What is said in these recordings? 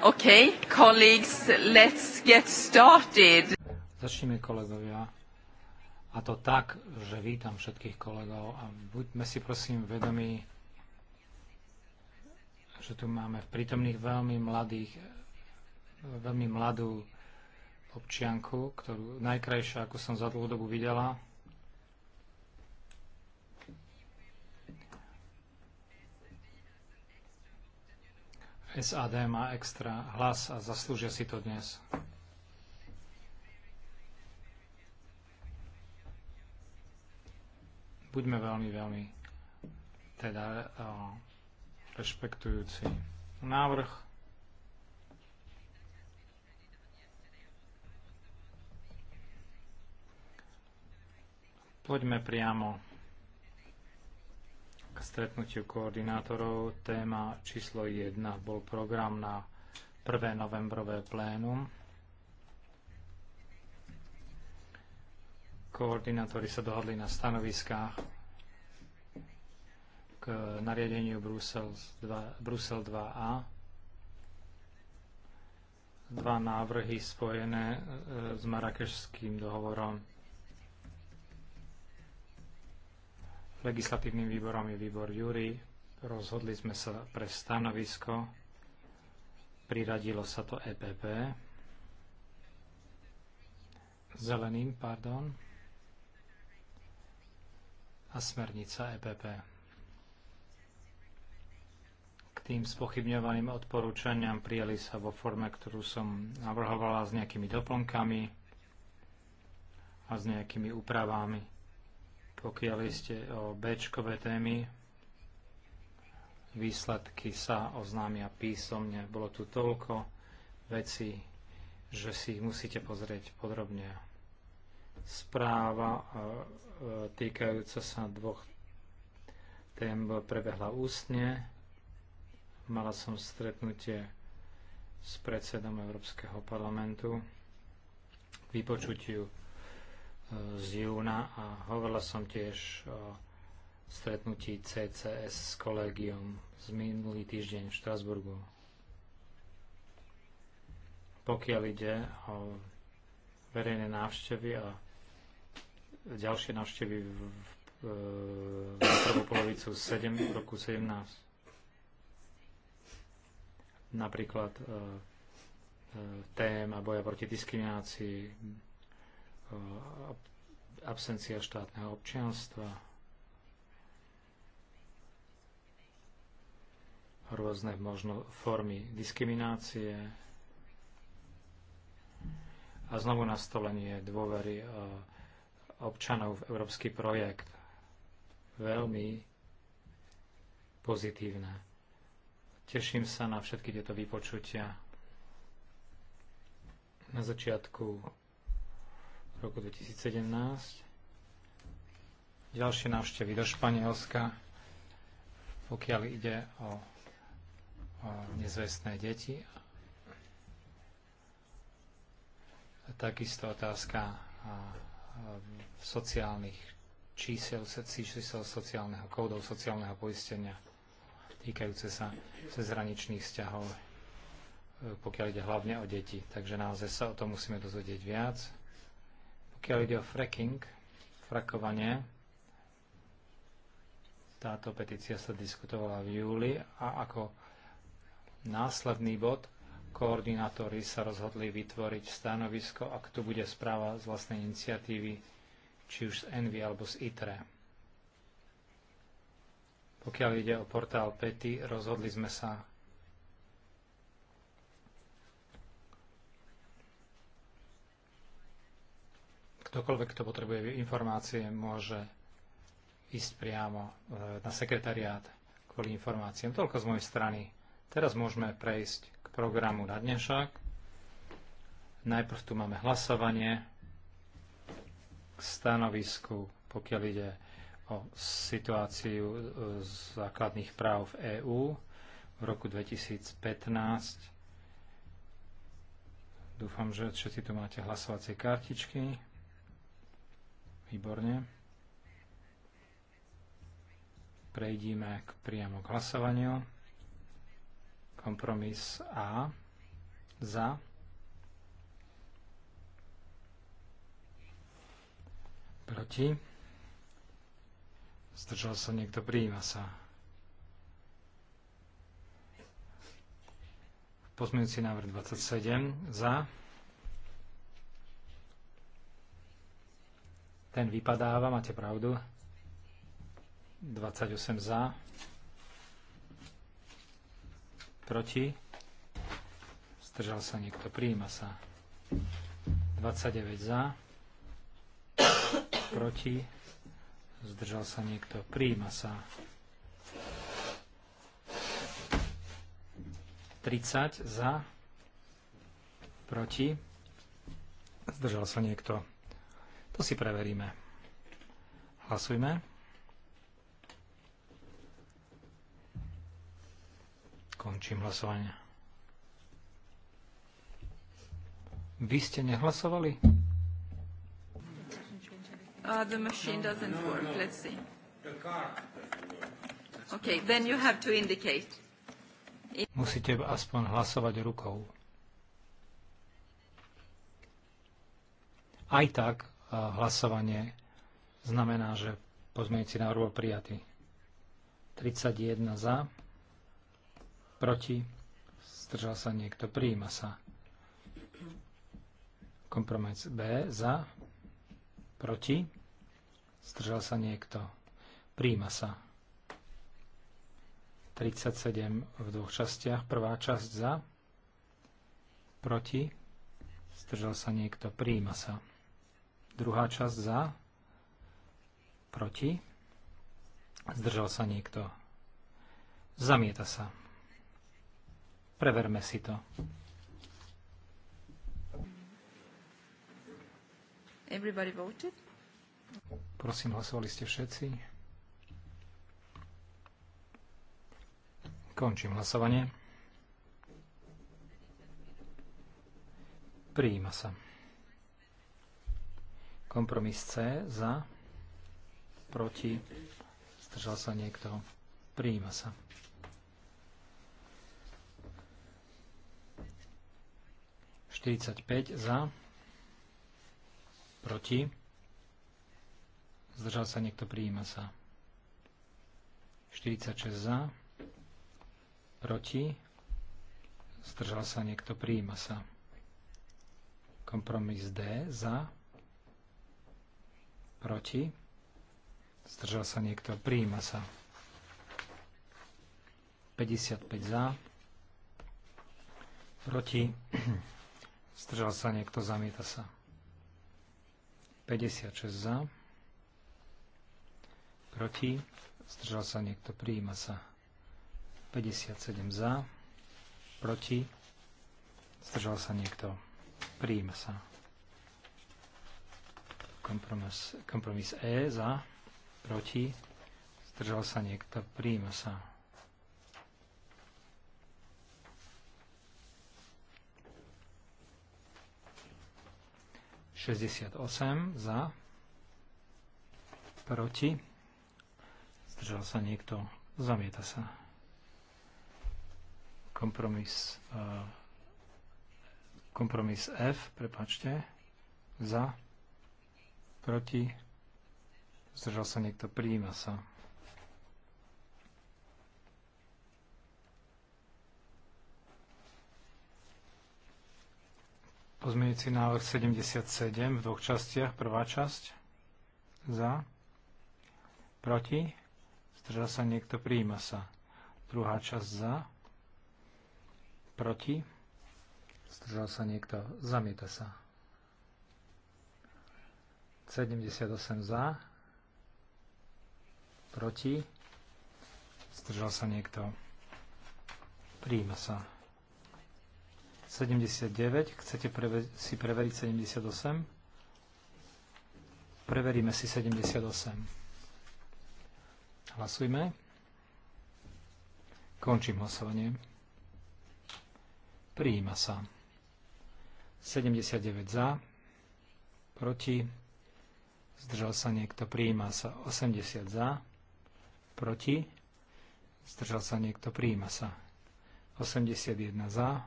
Okay, colleagues, let's get started. Začneme kolegovia. A to tak, že vítam všetkých kolegov a buďme si prosím vedomí, že tu máme v prítomných veľmi mladých, veľmi mladú občianku, ktorú najkrajšia, ako som za dlhú dobu videla, SAD má extra hlas a zaslúžia si to dnes. Buďme veľmi, veľmi teda uh, rešpektujúci návrh. Poďme priamo stretnutiu koordinátorov téma číslo 1 bol program na 1. novembrové plénum. Koordinátori sa dohodli na stanoviskách k nariadeniu Brusel 2, Brusel 2a. Dva návrhy spojené e, s Marakešským dohovorom Legislatívnym výborom je výbor Júri. Rozhodli sme sa pre stanovisko. Priradilo sa to EPP. Zeleným, pardon. A smernica EPP. K tým spochybňovaným odporúčaniam prijali sa vo forme, ktorú som navrhovala s nejakými doplnkami a s nejakými úpravami. Pokiaľ ste o b témy, výsledky sa oznámia písomne. Bolo tu toľko vecí, že si ich musíte pozrieť podrobne. Správa e, e, týkajúca sa dvoch tém prebehla ústne. Mala som stretnutie s predsedom Európskeho parlamentu k vypočutiu z júna a hovorila som tiež o stretnutí CCS s kolegium z minulý týždeň v Štrasburgu. Pokiaľ ide o verejné návštevy a ďalšie návštevy v, v, v, v prvú polovicu 7, roku 17. Napríklad e, e, téma boja proti diskriminácii, Eh, absencia štátneho občianstva, rôzne možno formy diskriminácie a znovu nastolenie dôvery eh, občanov v európsky projekt. Veľmi pozitívne. Teším sa na všetky tieto vypočutia. Na začiatku v roku 2017. Ďalšie návštevy do Španielska, pokiaľ ide o, o nezvestné deti. Takisto otázka sociálnych čísel, čísel sociálneho kódov sociálneho poistenia týkajúce sa cezhraničných vzťahov, e, pokiaľ ide hlavne o deti. Takže naozaj sa o tom musíme dozvedieť viac. Pokiaľ ide o fracking, frakovanie, táto petícia sa diskutovala v júli a ako následný bod koordinátori sa rozhodli vytvoriť stanovisko, ak tu bude správa z vlastnej iniciatívy, či už z Envy alebo z ITRE. Pokiaľ ide o portál PETI, rozhodli sme sa Ktokoľvek, kto potrebuje informácie, môže ísť priamo e, na sekretariát kvôli informáciám. Toľko z mojej strany. Teraz môžeme prejsť k programu na dnešok. Najprv tu máme hlasovanie k stanovisku, pokiaľ ide o situáciu e, základných práv v EÚ v roku 2015. Dúfam, že všetci tu máte hlasovacie kartičky. Výborne. Prejdime k priamo k hlasovaniu. Kompromis A. Za. Proti. Zdržal sa niekto, prijíma sa. Pozmeňujúci návrh 27. Za. Ten vypadáva, máte pravdu. 28 za. Proti. Zdržal sa niekto, prijíma sa. 29 za. Proti. Zdržal sa niekto, prijíma sa. 30 za. Proti. Zdržal sa niekto. To si preveríme. Hlasujme. Končím hlasovanie. Vy ste nehlasovali? Uh, the machine doesn't work. Let's see. Okay, then you have to indicate. Musíte aspoň hlasovať rukou. Aj tak hlasovanie znamená, že pozmeňujúci návrh bol prijatý. 31 za, proti, zdržal sa niekto, prijíma sa. Kompromis B za, proti, zdržal sa niekto, prijíma sa. 37 v dvoch častiach, prvá časť za, proti, zdržal sa niekto, prijíma sa. Druhá časť za, proti, zdržal sa niekto. Zamieta sa. Preverme si to. Everybody voted? Prosím, hlasovali ste všetci. Končím hlasovanie. Prijíma sa. Kompromis C za, proti, zdržal sa niekto, prijíma sa. Štyridsaťpäť za, proti, zdržal sa niekto, prijíma sa. 46 za, proti, zdržal sa niekto, prijíma sa. Kompromis D za, Proti? Zdržal sa niekto? Prijíma sa. 55 za. Proti? Zdržal sa niekto? Zamieta sa. 56 za. Proti? Zdržal sa niekto? Prijíma sa. 57 za. Proti? Zdržal sa niekto? Prijíma sa. Kompromis, kompromis E za, proti, zdržal sa niekto, príjma sa. Šesťdesiat osem za, proti, zdržal sa niekto, zamieta sa. Kompromis, e, kompromis F, prepačte, za, proti, zdržal sa niekto, prijíma sa. Pozmeňujúci návrh 77 v dvoch častiach. Prvá časť za, proti, zdržal sa niekto, prijíma sa. Druhá časť za, proti, zdržal sa niekto, zamieta sa. 78 za, proti, zdržal sa niekto, príjma sa. 79, chcete si preveriť 78? Preveríme si 78. Hlasujme. Končím hlasovanie. Prijíma sa. 79 za, proti, zdržal sa niekto, prijíma sa 80 za, proti, zdržal sa niekto, prijíma sa 81 za,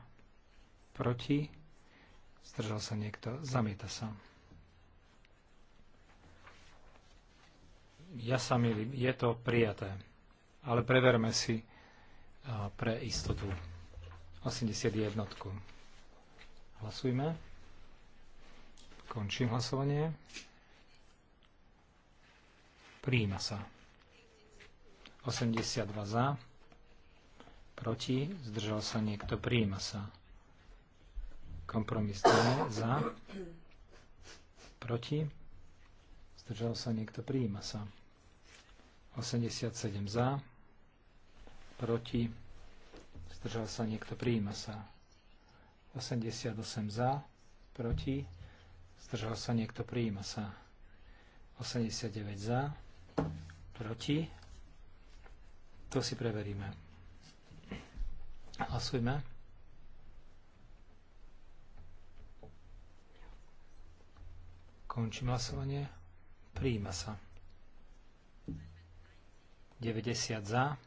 proti, zdržal sa niekto, zamieta sa. Ja sa milím, je to prijaté, ale preverme si pre istotu 81. Hlasujme. Končím hlasovanie. Príjima sa. 82 za. Proti. Zdržal sa niekto. Príjima sa. Kompromis D. Za. Proti. Zdržal sa niekto. Príjima sa. 87 za. Proti. Zdržal sa niekto. Príjima sa. 88 za. Proti. Zdržal sa niekto. Príjima sa. 89 za Proti? To si preveríme. Hlasujme. Končím hlasovanie. Prijíma sa. 90 za.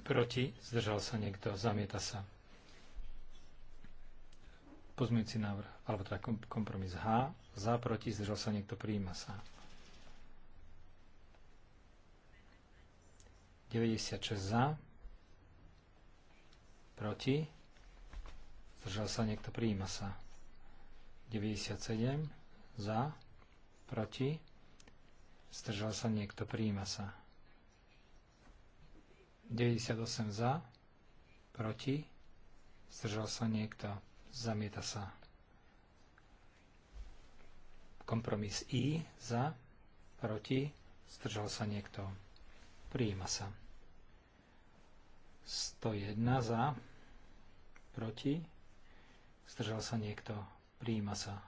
Proti? Zdržal sa niekto. Zamieta sa. Pozmienci návrh, alebo teda kompromis H. Za, proti, zdržal sa niekto, prijíma sa. 96 za, proti, zdržal sa niekto, prijíma sa. 97 za, proti, zdržal sa niekto, prijíma sa. 98 za, proti, zdržal sa niekto, zamieta sa. Kompromis I za, proti, zdržal sa niekto, Prijíma sa. 101 za, proti, zdržal sa niekto, prijíma sa.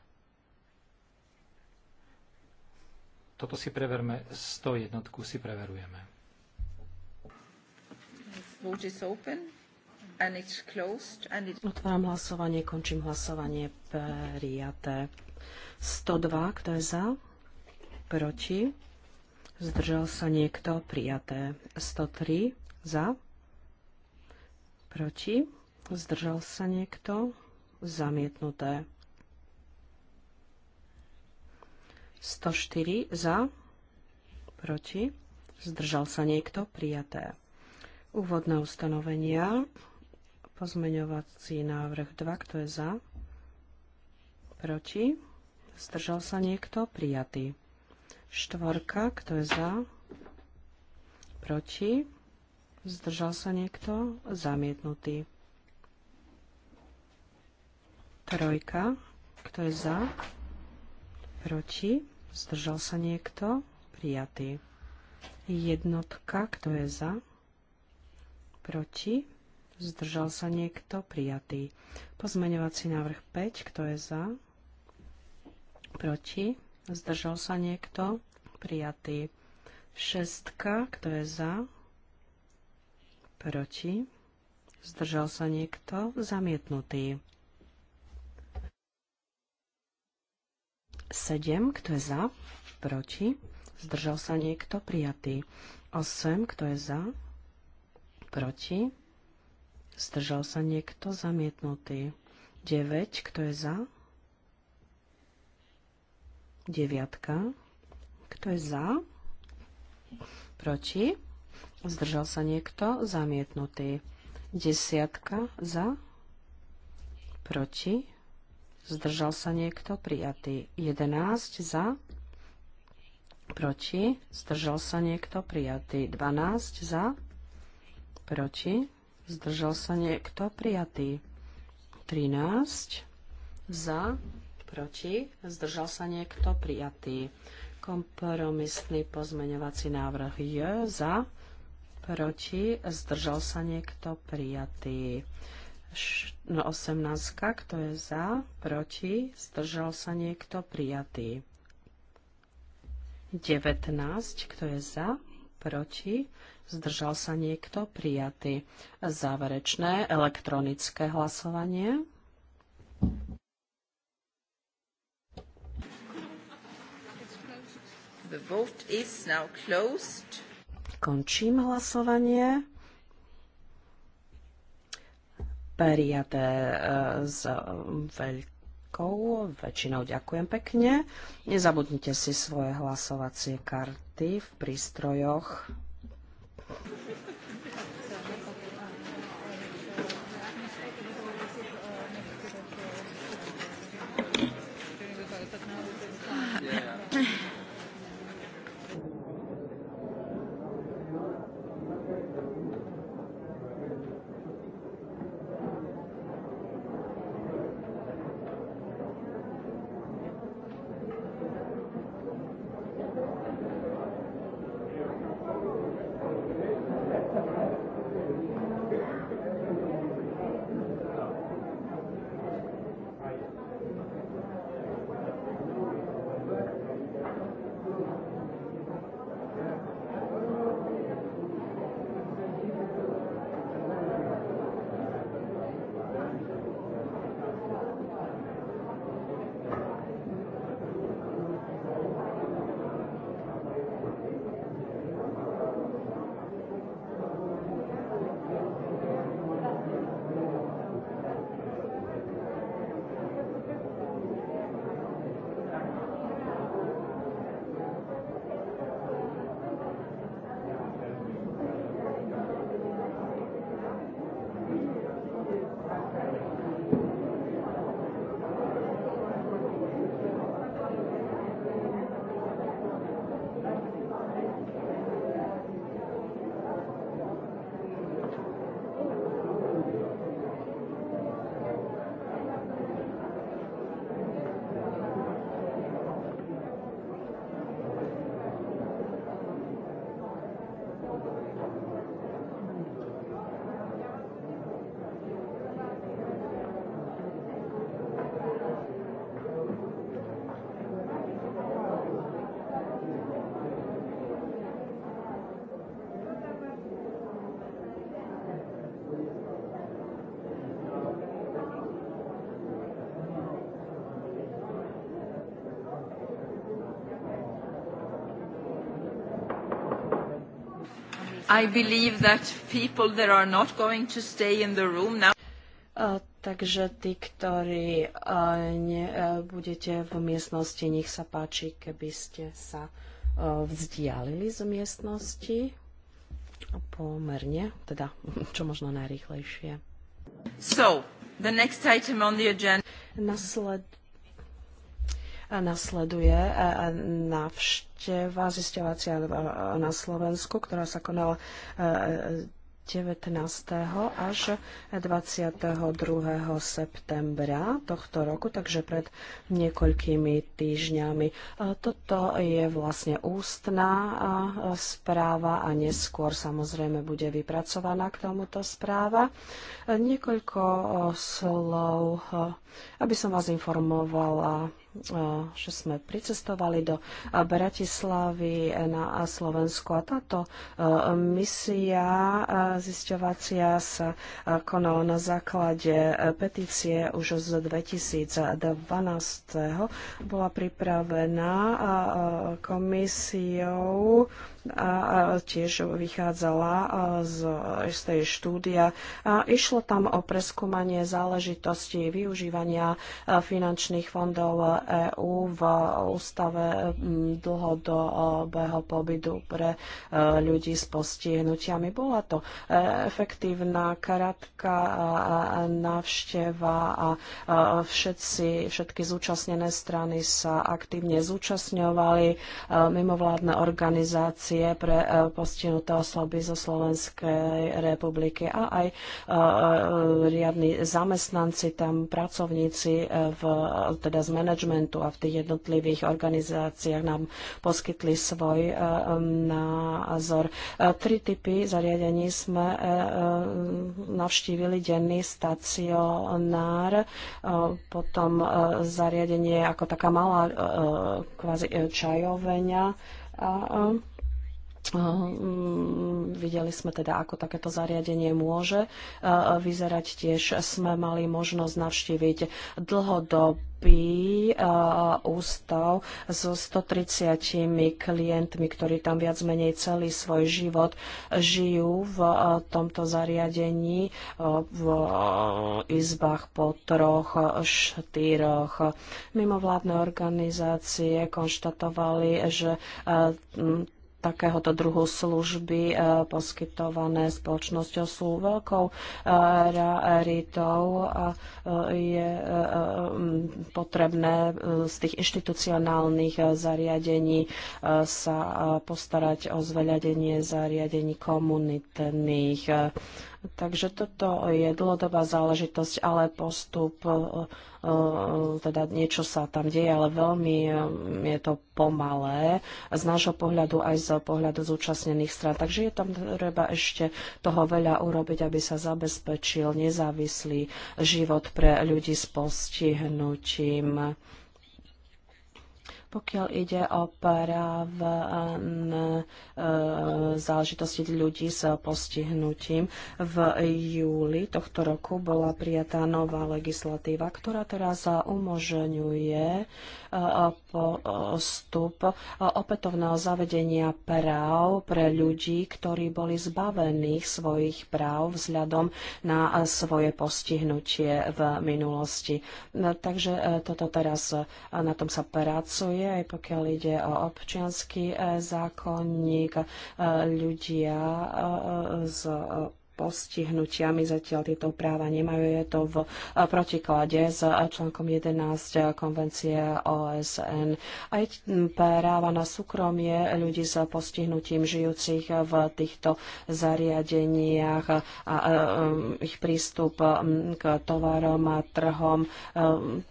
Toto si preverme, 101 si preverujeme. Vote is open. Otváram hlasovanie, končím hlasovanie, prijaté. 102, kto je za? Proti? Zdržal sa niekto? Prijaté. 103 za. Proti? Zdržal sa niekto? Zamietnuté. 104 za. Proti? Zdržal sa niekto? Prijaté. Úvodné ustanovenia. Pozmeňovací návrh 2. Kto je za? Proti? Zdržal sa niekto? Prijatý. Štvorka, kto je za? Proti? Zdržal sa niekto? Zamietnutý. Trojka, kto je za? Proti? Zdržal sa niekto? Prijatý. Jednotka, kto je za? Proti? Zdržal sa niekto? Prijatý. Pozmeňovací návrh 5, kto je za? Proti? Zdržal sa niekto? Prijatý. Šestka, kto je za? Proti. Zdržal sa niekto? Zamietnutý. Sedem, kto je za? Proti. Zdržal sa niekto? Prijatý. Osem, kto je za? Proti. Zdržal sa niekto? Zamietnutý. 9. Kto je za? Deviatka. Kto je za? Proti? Zdržal sa niekto? Zamietnutý. Desiatka za? Proti? Zdržal sa niekto? Prijatý. Jedenáct za? Proti? Zdržal sa niekto? Prijatý. Dvanáct za? Proti? Zdržal sa niekto? Prijatý. Trináct za? Proti? Zdržal sa niekto? Prijatý. Kompromisný pozmeňovací návrh je za. Proti? Zdržal sa niekto? Prijatý. 18. No, kto je za? Proti? Zdržal sa niekto? Prijatý. 19. Kto je za? Proti? Zdržal sa niekto? Prijatý. Záverečné elektronické hlasovanie. The vote is now closed. Končím hlasovanie. Prijaté e, s veľkou väčšinou. Ďakujem pekne. Nezabudnite si svoje hlasovacie karty v prístrojoch. takže tí, ktorí ne, budete v miestnosti, nech sa páči, keby ste sa vzdialili z miestnosti pomerne, teda čo možno najrýchlejšie. So, the next item on the agenda. Nasled Nasleduje e, e, návšteva zisťovacia e, na Slovensku, ktorá sa konala 19. až 22. septembra tohto roku, takže pred niekoľkými týždňami. Toto je vlastne ústná správa a neskôr samozrejme bude vypracovaná k tomuto správa. Niekoľko slov, aby som vás informovala E, že sme pricestovali do Bratislavy e, na Slovensku a táto e, misia zisťovacia sa konala na základe petície už z 2012. Bola pripravená komisiou a tiež vychádzala z, z tej štúdia. A išlo tam o preskúmanie záležitosti využívania finančných fondov EÚ v ústave dlhodobého pobytu pre e, ľudí s postihnutiami. Bola to e, efektívna, krátka návšteva a všetci, všetky zúčastnené strany sa aktívne zúčastňovali, mimovládne organizácie akcie pre e, postihnuté osoby zo Slovenskej republiky a aj e, e, riadni zamestnanci tam, pracovníci v, teda z managementu a v tých jednotlivých organizáciách nám poskytli svoj názor. Tri typy zariadení sme navštívili denný stacionár, potom zariadenie ako taká malá kvázi čajoveňa a Mm, videli sme teda, ako takéto zariadenie môže e, vyzerať. Tiež sme mali možnosť navštíviť dlhodobý e, ústav so 130 klientmi, ktorí tam viac menej celý svoj život žijú v e, tomto zariadení v izbách po troch, štyroch. Mimovládne organizácie konštatovali, že takéhoto druhu služby e, poskytované spoločnosťou sú veľkou e, raritou a e, je potrebné z tých inštitucionálnych zariadení sa postarať o zveľadenie zariadení komunitných Takže toto je dlhodobá záležitosť, ale postup, e, e, teda niečo sa tam deje, ale veľmi e, je to pomalé z nášho pohľadu aj z pohľadu zúčastnených strán. Takže je tam treba ešte toho veľa urobiť, aby sa zabezpečil nezávislý život pre ľudí s postihnutím. Pokiaľ ide o právne e, záležitosti ľudí s postihnutím, v júli tohto roku bola prijatá nová legislatíva, ktorá teraz umožňuje e, postup opätovného zavedenia práv pre ľudí, ktorí boli zbavených svojich práv vzhľadom na svoje postihnutie v minulosti. E, takže toto teraz, na tom sa pracuje je, aj pokiaľ ide o občianský eh, zákonník, eh, ľudia eh, z postihnutiami. Zatiaľ tieto práva nemajú. Je to v eh, protiklade s eh, článkom 11 eh, konvencie OSN. Aj hm, práva na súkromie ľudí s postihnutím žijúcich v týchto zariadeniach a, hm, ich prístup hm, k tovarom a trhom.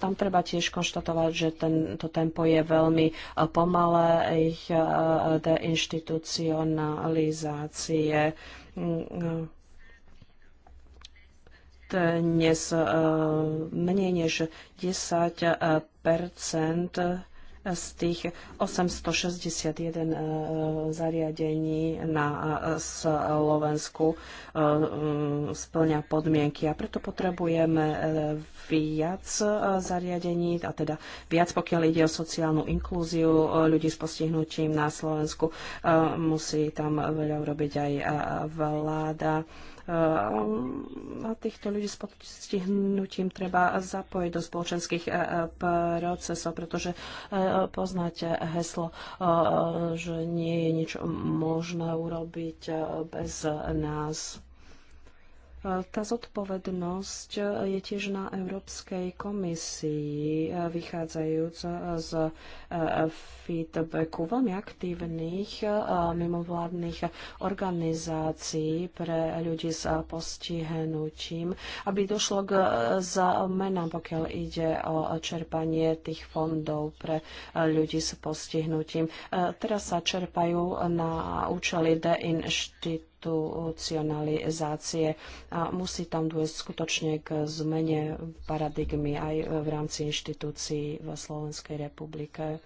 Tam treba tiež konštatovať, že to tempo je veľmi pomalé. Ich deinstitucionalizácie. No dnes e, menej než 10 e, z tých 861 e, zariadení na Slovensku splňa podmienky a preto potrebujeme viac zariadení, a teda viac pokiaľ ide o sociálnu inklúziu ľudí s postihnutím na Slovensku. Musí tam veľa urobiť aj vláda Eh, a týchto ľudí s podstihnutím treba zapojiť do spoločenských eh, procesov, pretože eh, poznáte heslo, že nie je nič možné urobiť bez nás. Tá zodpovednosť je tiež na Európskej komisii, eh, vychádzajúc eh, z eh, feedbacku veľmi aktívnych mimovládnych organizácií pre ľudí s postihnutím, aby došlo k zmenám, pokiaľ ide o čerpanie tých fondov pre ľudí s postihnutím. Teraz sa čerpajú na účely deinštitúcie inštitucionalizácie a musí tam dôjsť skutočne k zmene paradigmy aj v rámci inštitúcií v Slovenskej republike.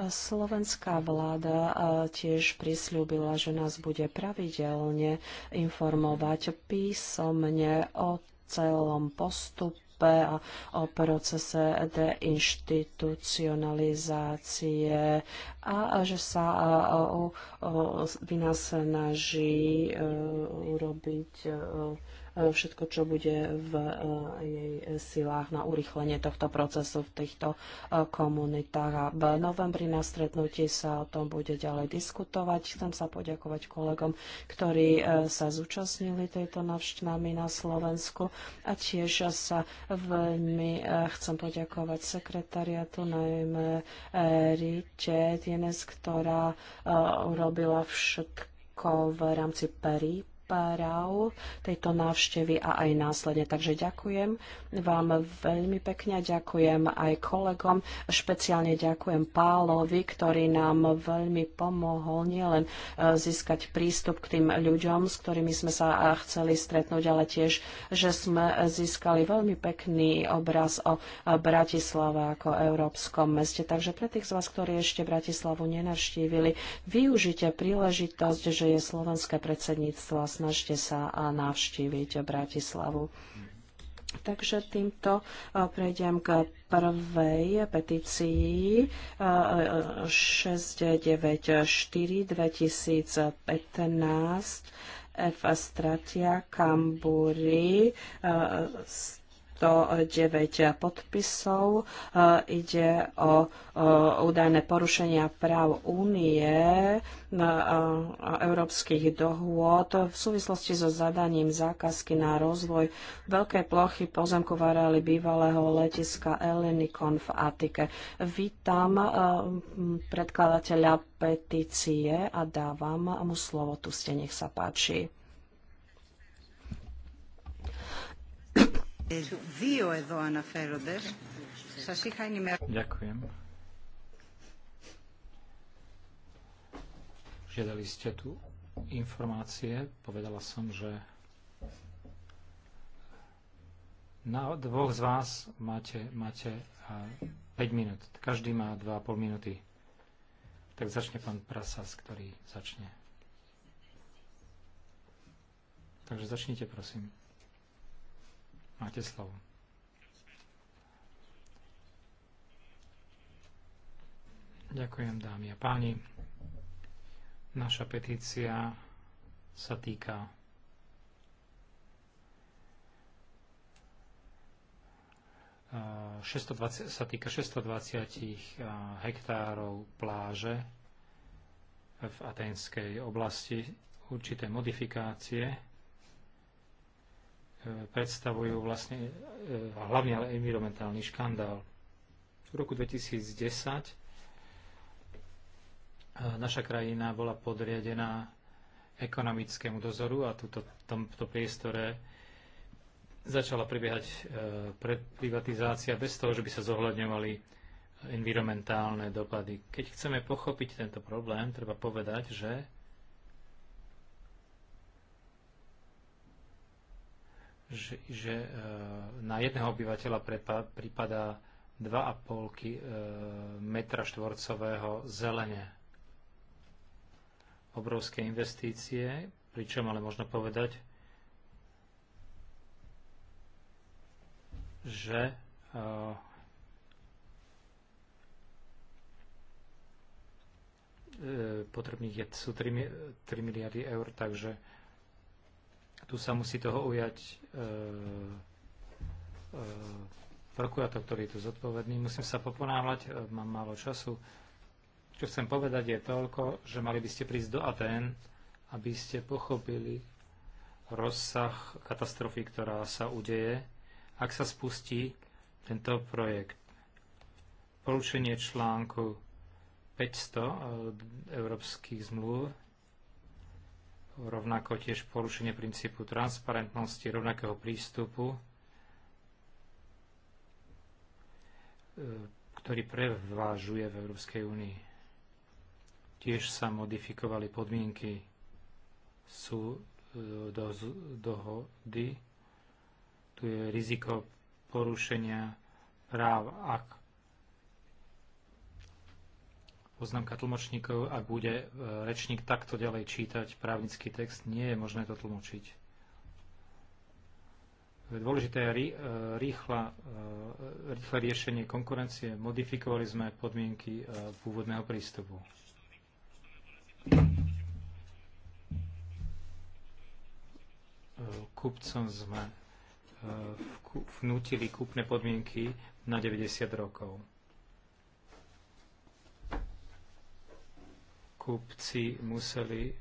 Slovenská vláda tiež prislúbila, že nás bude pravidelne informovať písomne o celom postupu AKP a o procese deinstitucionalizácie a že sa vynasnaží e, urobiť e, E, všetko, čo bude v e, jej silách na urychlenie tohto procesu v týchto e, komunitách. A v novembri na stretnutí sa o tom bude ďalej diskutovať. Chcem sa poďakovať kolegom, ktorí sa zúčastnili tejto navštnami na Slovensku a tiež sa veľmi chcem poďakovať sekretariatu, najmä Rite Tienes, ktorá urobila všetko v rámci PERI, príprav tejto návštevy a aj následne. Takže ďakujem vám veľmi pekne, ďakujem aj kolegom, špeciálne ďakujem Pálovi, ktorý nám veľmi pomohol nielen e, získať prístup k tým ľuďom, s ktorými sme sa e, chceli stretnúť, ale tiež, že sme získali veľmi pekný obraz o e, Bratislave ako európskom meste. Takže pre tých z vás, ktorí ešte Bratislavu nenavštívili, využite príležitosť, že je slovenské predsedníctvo snažte sa navštíviť Bratislavu. Takže týmto prejdem k prvej petícii 694 2015 F. Stratia Kambúry z 109 podpisov. E, ide o údajné porušenia práv únie e, európskych dohôd v súvislosti so zadaním zákazky na rozvoj veľkej plochy pozemku v areáli bývalého letiska Elenikon v Atike. Vítam e, predkladateľa petície a dávam mu slovo. Tu ste, nech sa páči. Žiadali ste tu informácie. Povedala som, že na dvoch z vás máte, máte 5 minút. Každý má 2,5 minúty. Tak začne pán Prasas, ktorý začne. Takže začnite, prosím. Máte slovo. Ďakujem, dámy a páni. Naša petícia sa týka eh, sa týka 620 eh, hektárov pláže v Atenskej oblasti určité modifikácie predstavujú vlastne e, hlavne ale environmentálny škandál. V roku 2010 e, naša krajina bola podriadená ekonomickému dozoru a tuto, tomto priestore začala prebiehať e, privatizácia bez toho, že by sa zohľadňovali environmentálne dopady. Keď chceme pochopiť tento problém, treba povedať, že že, že e, na jedného obyvateľa pripadá 2,5 e, metra štvorcového zelene. Obrovské investície, pričom ale možno povedať, že e, potrebných je, sú 3, 3 miliardy eur, takže tu sa musí toho ujať e, e, prokurátor, ktorý je tu zodpovedný. Musím sa poponávať, e, mám málo času. Čo chcem povedať je toľko, že mali by ste prísť do ATEN, aby ste pochopili rozsah katastrofy, ktorá sa udeje, ak sa spustí tento projekt. Poručenie článku 500 e, európskych zmluv rovnako tiež porušenie princípu transparentnosti, rovnakého prístupu, e, ktorý prevážuje v Európskej únii. Tiež sa modifikovali podmienky sú e, do dohody. Tu je riziko porušenia práv, ak poznámka tlmočníkov, ak bude e, rečník takto ďalej čítať právnický text, nie je možné to tlmočiť. Dôležité je e, rýchla, e, rýchle riešenie konkurencie. Modifikovali sme podmienky pôvodného prístupu. Kupcom sme vnútili kúpne podmienky na 90 rokov. kupci museli e, e,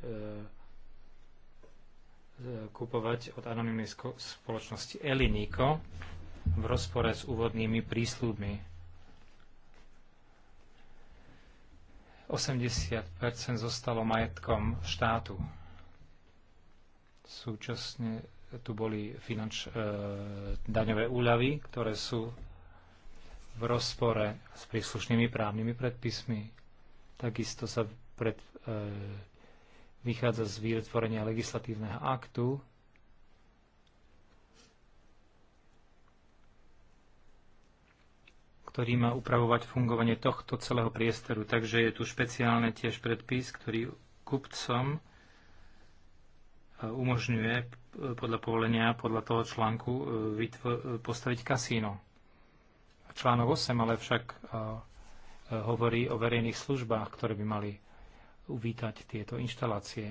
kupovať od anonimnej spoločnosti Eliniko v rozpore s úvodnými prísľubmi. 80 zostalo majetkom štátu. Súčasne tu boli finanč, e, daňové úľavy, ktoré sú v rozpore s príslušnými právnymi predpismi. Takisto sa pred, e, vychádza z vytvorenia legislatívneho aktu, ktorý má upravovať fungovanie tohto celého priestoru. Takže je tu špeciálne tiež predpis, ktorý kupcom e, umožňuje e, podľa povolenia, podľa toho článku e, postaviť kasíno. Článok 8 ale však hovorí o verejných službách, ktoré by mali uvítať tieto inštalácie.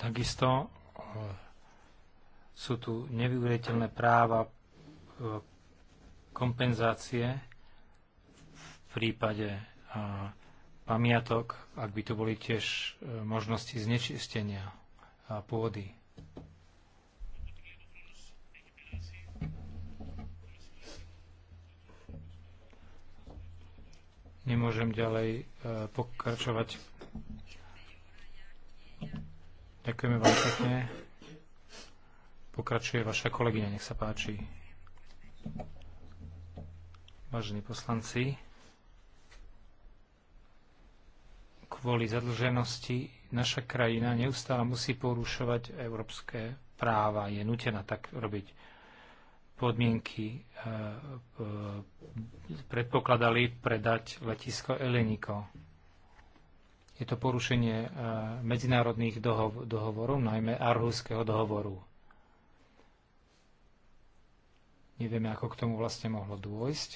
Takisto e, sú tu nevyuveriteľné práva e, kompenzácie v prípade e, pamiatok, ak by tu boli tiež možnosti znečistenia pôdy. Nemôžem ďalej e, pokračovať. Ďakujeme vám pekne. Pokračuje vaša kolegyňa, nech sa páči. Vážení poslanci, kvôli zadlženosti naša krajina neustále musí porušovať európske práva. Je nutená tak robiť podmienky e, e, predpokladali predať letisko Eleniko. Je to porušenie e, medzinárodných dohov- dohovorov, najmä Arhuského dohovoru. Nevieme, ako k tomu vlastne mohlo dôjsť.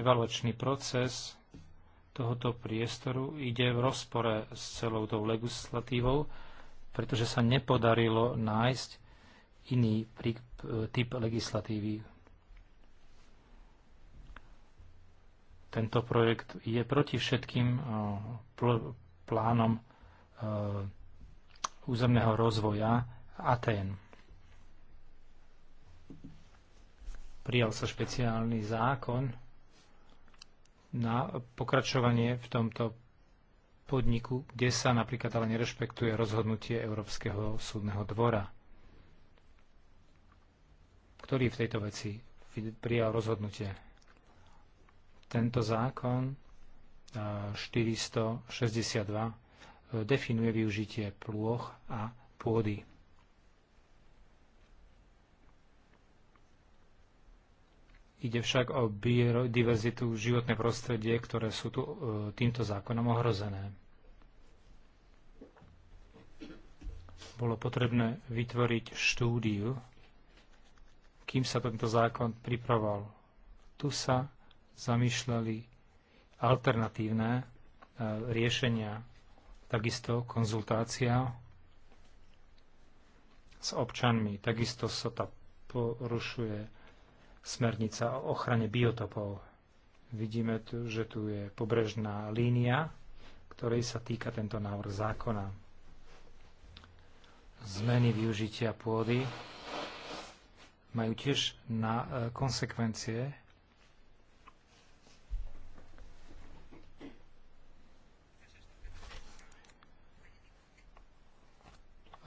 Evaluačný proces tohoto priestoru ide v rozpore s celou tou legislatívou, pretože sa nepodarilo nájsť iný typ legislatívy. Tento projekt je proti všetkým eh, plánom eh, územného rozvoja Atén. Prijal sa špeciálny zákon, na pokračovanie v tomto podniku, kde sa napríklad ale nerešpektuje rozhodnutie Európskeho súdneho dvora, ktorý v tejto veci prijal rozhodnutie. Tento zákon 462 definuje využitie plôch a pôdy. Ide však o biodiverzitu, životné prostredie, ktoré sú tu e, týmto zákonom ohrozené. Bolo potrebné vytvoriť štúdiu, kým sa tento zákon pripravoval. Tu sa zamýšľali alternatívne e, riešenia, takisto konzultácia s občanmi, takisto sa tá porušuje smernica o ochrane biotopov. Vidíme tu, že tu je pobrežná línia, ktorej sa týka tento návrh zákona. Zmeny využitia pôdy majú tiež na e, konsekvencie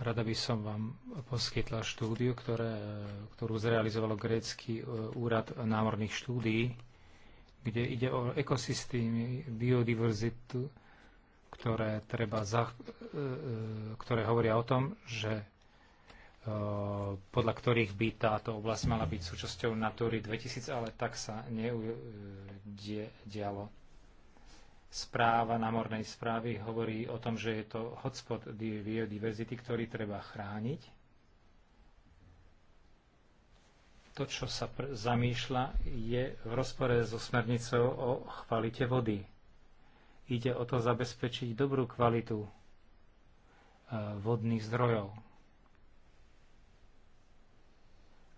Rada by som vám poskytla štúdiu, ktoré, ktorú zrealizovalo Grécky e, úrad námorných štúdií, kde ide o ekosystémy, biodiverzitu, ktoré, treba za, e, e, ktoré hovoria o tom, že podľa ktorých by táto oblasť mala byť súčasťou Natúry 2000, ale tak sa neudialo správa námornej správy hovorí o tom, že je to hotspot biodiverzity, ktorý treba chrániť. To, čo sa zamýšľa, je v rozpore so smernicou o kvalite vody. Ide o to zabezpečiť dobrú kvalitu e, vodných zdrojov.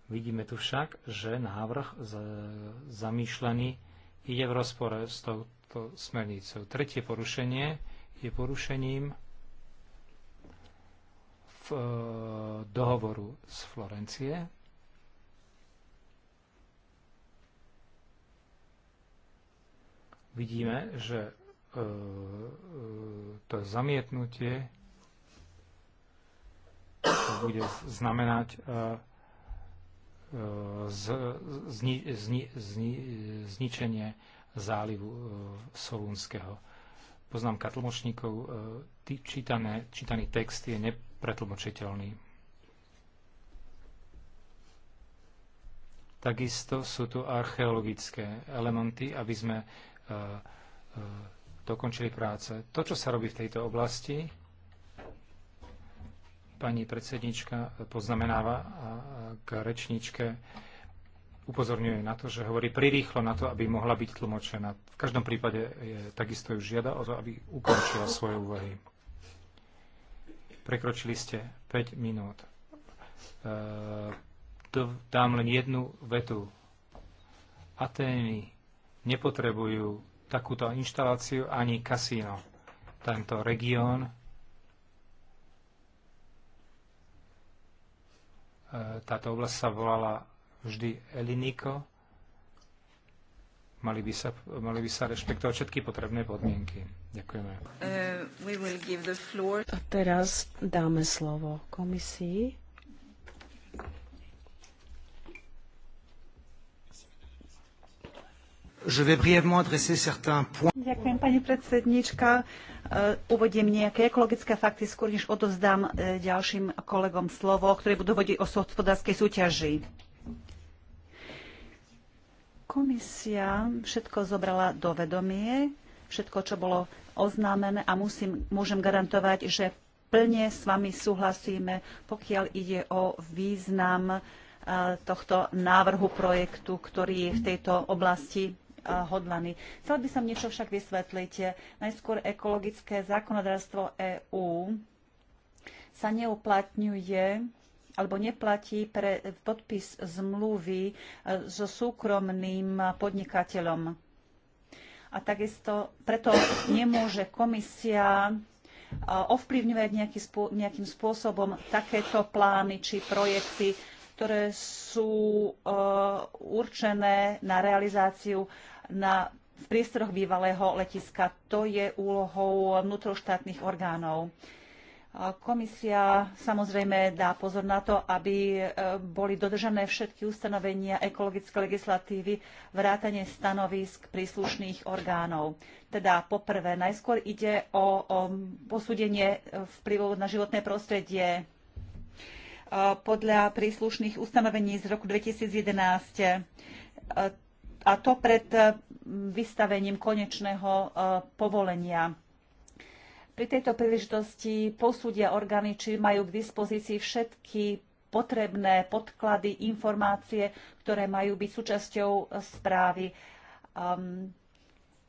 Vidíme tu však, že návrh zamýšľaný ide v rozpore s tou to smernicou. Tretie porušenie je porušením v e, dohovoru z Florencie. Vidíme, že e, e, to zamietnutie to bude znamenať zničenie zálivu e, Solúnskeho. Poznámka tlmočníkov, e, čítané, čítaný text je nepretlmočiteľný. Takisto sú tu archeologické elementy, aby sme e, dokončili práce. To, čo sa robí v tejto oblasti, pani predsednička poznamenáva k rečničke, upozorňuje na to, že hovorí prirýchlo na to, aby mohla byť tlmočená. V každom prípade je, takisto ju žiada o to, aby ukončila svoje úvahy. Prekročili ste 5 minút. E, dám len jednu vetu. Atény nepotrebujú takúto inštaláciu ani kasíno. Tento región e, táto oblasť sa volala vždy Eliniko. Mali by sa, mali by sa rešpektovať všetky potrebné podmienky. Ďakujeme. Uh, we will give the floor. A teraz dáme slovo komisii. Je vais brièvement adresser certains points. Ďakujem, pani predsednička. Uh, uvediem nejaké ekologické fakty, skôr než odozdám uh, ďalším kolegom slovo, ktoré budú vodiť o hospodárskej súťaži. Komisia všetko zobrala do vedomie, všetko, čo bolo oznámené a musím, môžem garantovať, že plne s vami súhlasíme, pokiaľ ide o význam e, tohto návrhu projektu, ktorý je v tejto oblasti e, hodlaný. Chcel by som niečo však vysvetliť. Najskôr ekologické zákonodárstvo EÚ sa neuplatňuje alebo neplatí pre podpis zmluvy e, so súkromným podnikateľom. A takisto preto nemôže komisia e, ovplyvňovať nejaký, nejakým spôsobom takéto plány či projekty, ktoré sú e, určené na realizáciu na, v priestoroch bývalého letiska. To je úlohou vnútroštátnych orgánov. Komisia samozrejme dá pozor na to, aby e, boli dodržané všetky ustanovenia ekologické legislatívy, vrátanie stanovisk príslušných orgánov. Teda poprvé, najskôr ide o, o posúdenie vplyvov na životné prostredie e, podľa príslušných ustanovení z roku 2011 e, a to pred vystavením konečného povolenia pri tejto príležitosti posúdia orgány, či majú k dispozícii všetky potrebné podklady, informácie, ktoré majú byť súčasťou správy. Um,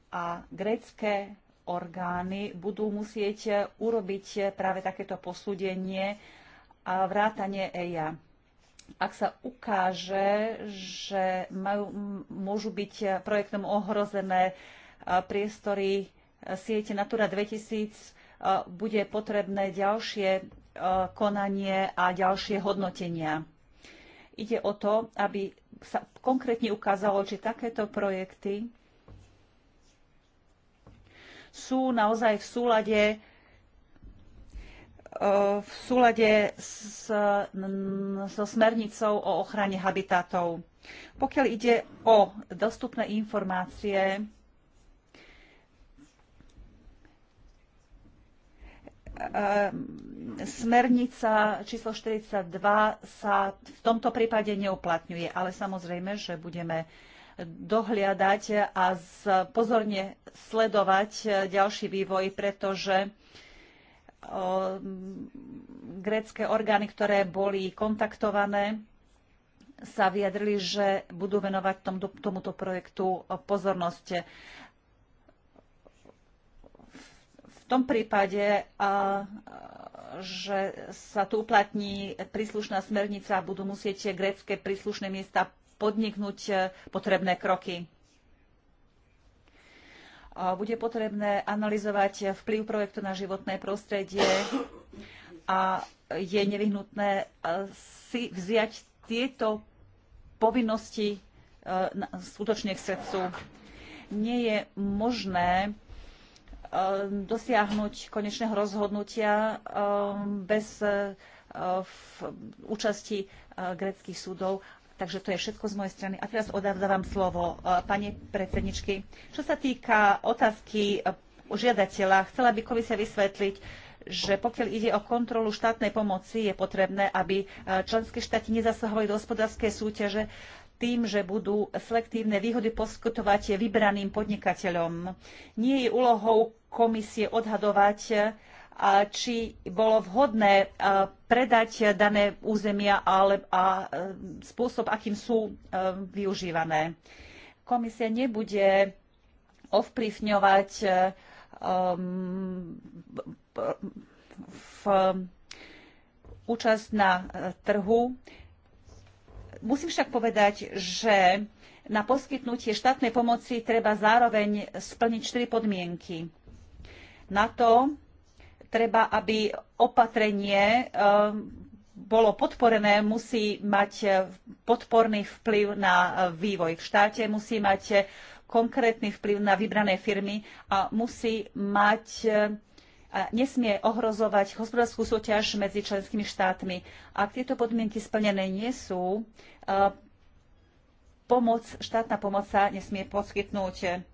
a grécké orgány budú musieť urobiť práve takéto posúdenie a vrátanie EIA. Ak sa ukáže, že majú, môžu byť projektom ohrozené priestory siete Natura 2000, E, bude potrebné ďalšie e, konanie a ďalšie hodnotenia. Ide o to, aby sa konkrétne ukázalo, či takéto projekty sú naozaj v súlade e, v súlade s, so smernicou o ochrane habitátov. Pokiaľ ide o dostupné informácie, E, smernica číslo 42 sa v tomto prípade neuplatňuje, ale samozrejme, že budeme dohliadať a pozorne sledovať ďalší vývoj, pretože e, grécké orgány, ktoré boli kontaktované, sa vyjadrili, že budú venovať tomuto projektu pozornosť. V tom prípade, že sa tu uplatní príslušná smernica, budú musieť grecké príslušné miesta podniknúť e, potrebné kroky. Bude potrebné analyzovať vplyv projektu na životné prostredie a je nevyhnutné e, si vziať tieto povinnosti e, skutočne k srdcu. Nie je možné Eh, dosiahnuť konečného rozhodnutia eh, bez eh, účasti greckých súdov. Takže to je všetko z mojej strany. A teraz odávam slovo pani predsedničky. Čo sa týka otázky žiadateľa, chcela by komisia vysvetliť, že pokiaľ ide o kontrolu štátnej pomoci, je potrebné, aby členské štáty nezasahovali do hospodárskej súťaže tým, že budú selektívne výhody poskytovať vybraným podnikateľom. Nie je úlohou komisie odhadovať, e, či bolo vhodné e, predať dané územia a e, spôsob, akým sú využívané. Komisia nebude ovplyvňovať účasť na trhu. Musím však povedať, že na poskytnutie štátnej pomoci treba zároveň splniť 4 podmienky. Na to treba, aby opatrenie eh, bolo podporené, musí mať eh, podporný vplyv na eh, vývoj v štáte, musí mať konkrétny vplyv na vybrané firmy a musí mať a nesmie ohrozovať hospodárskú súťaž medzi členskými štátmi. Ak tieto podmienky splnené nie sú, pomoc, štátna pomoc sa nesmie poskytnúť.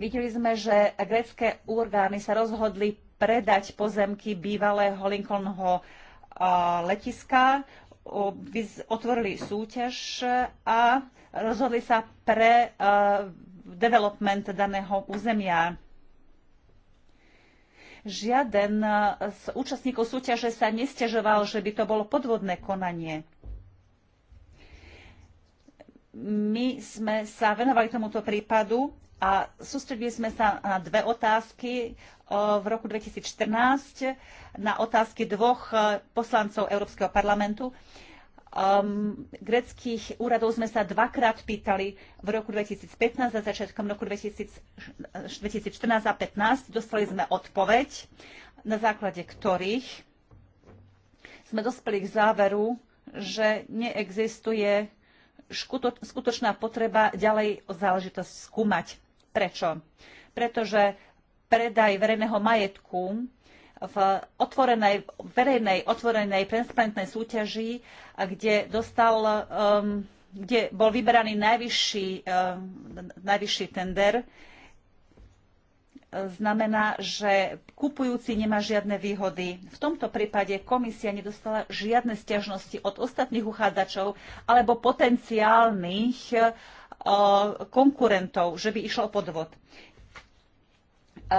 Videli sme, že grecké orgány sa rozhodli predať pozemky bývalého Lincolnho uh, letiska, otvorili súťaž a rozhodli sa pre uh, development daného územia žiaden uh, z účastníkov súťaže sa nestiažoval, že by to bolo podvodné konanie. My sme sa venovali tomuto prípadu a sústredili sme sa na dve otázky v roku 2014, na otázky dvoch e, poslancov Európskeho parlamentu. Um, greckých úradov sme sa dvakrát pýtali v roku 2015 a začiatkom roku 2014 a 2015. Dostali sme odpoveď, na základe ktorých sme dospeli k záveru, že neexistuje skutočná potreba ďalej o záležitosť skúmať. Prečo? Pretože predaj verejného majetku v otvorenej, verejnej, otvorenej, transparentnej súťaži, kde dostal um, kde bol vyberaný najvyšší, um, najvyšší tender, znamená, že kupujúci nemá žiadne výhody. V tomto prípade komisia nedostala žiadne stiažnosti od ostatných uchádzačov alebo potenciálnych uh, E, konkurentov, že by išlo o podvod. E,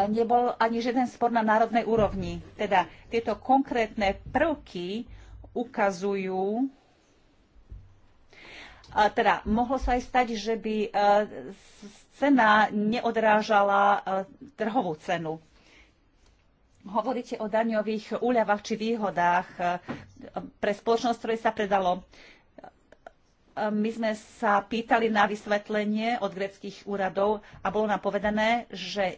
nebol ani žiaden spor na národnej úrovni. Teda tieto konkrétne prvky ukazujú, teda mohlo sa aj stať, že by e, cena neodrážala trhovú cenu. Hovoríte o daňových úľavách či výhodách pre spoločnosť, ktoré sa predalo. E, my sme sa pýtali na vysvetlenie od greckých úradov a bolo nám povedané, že e,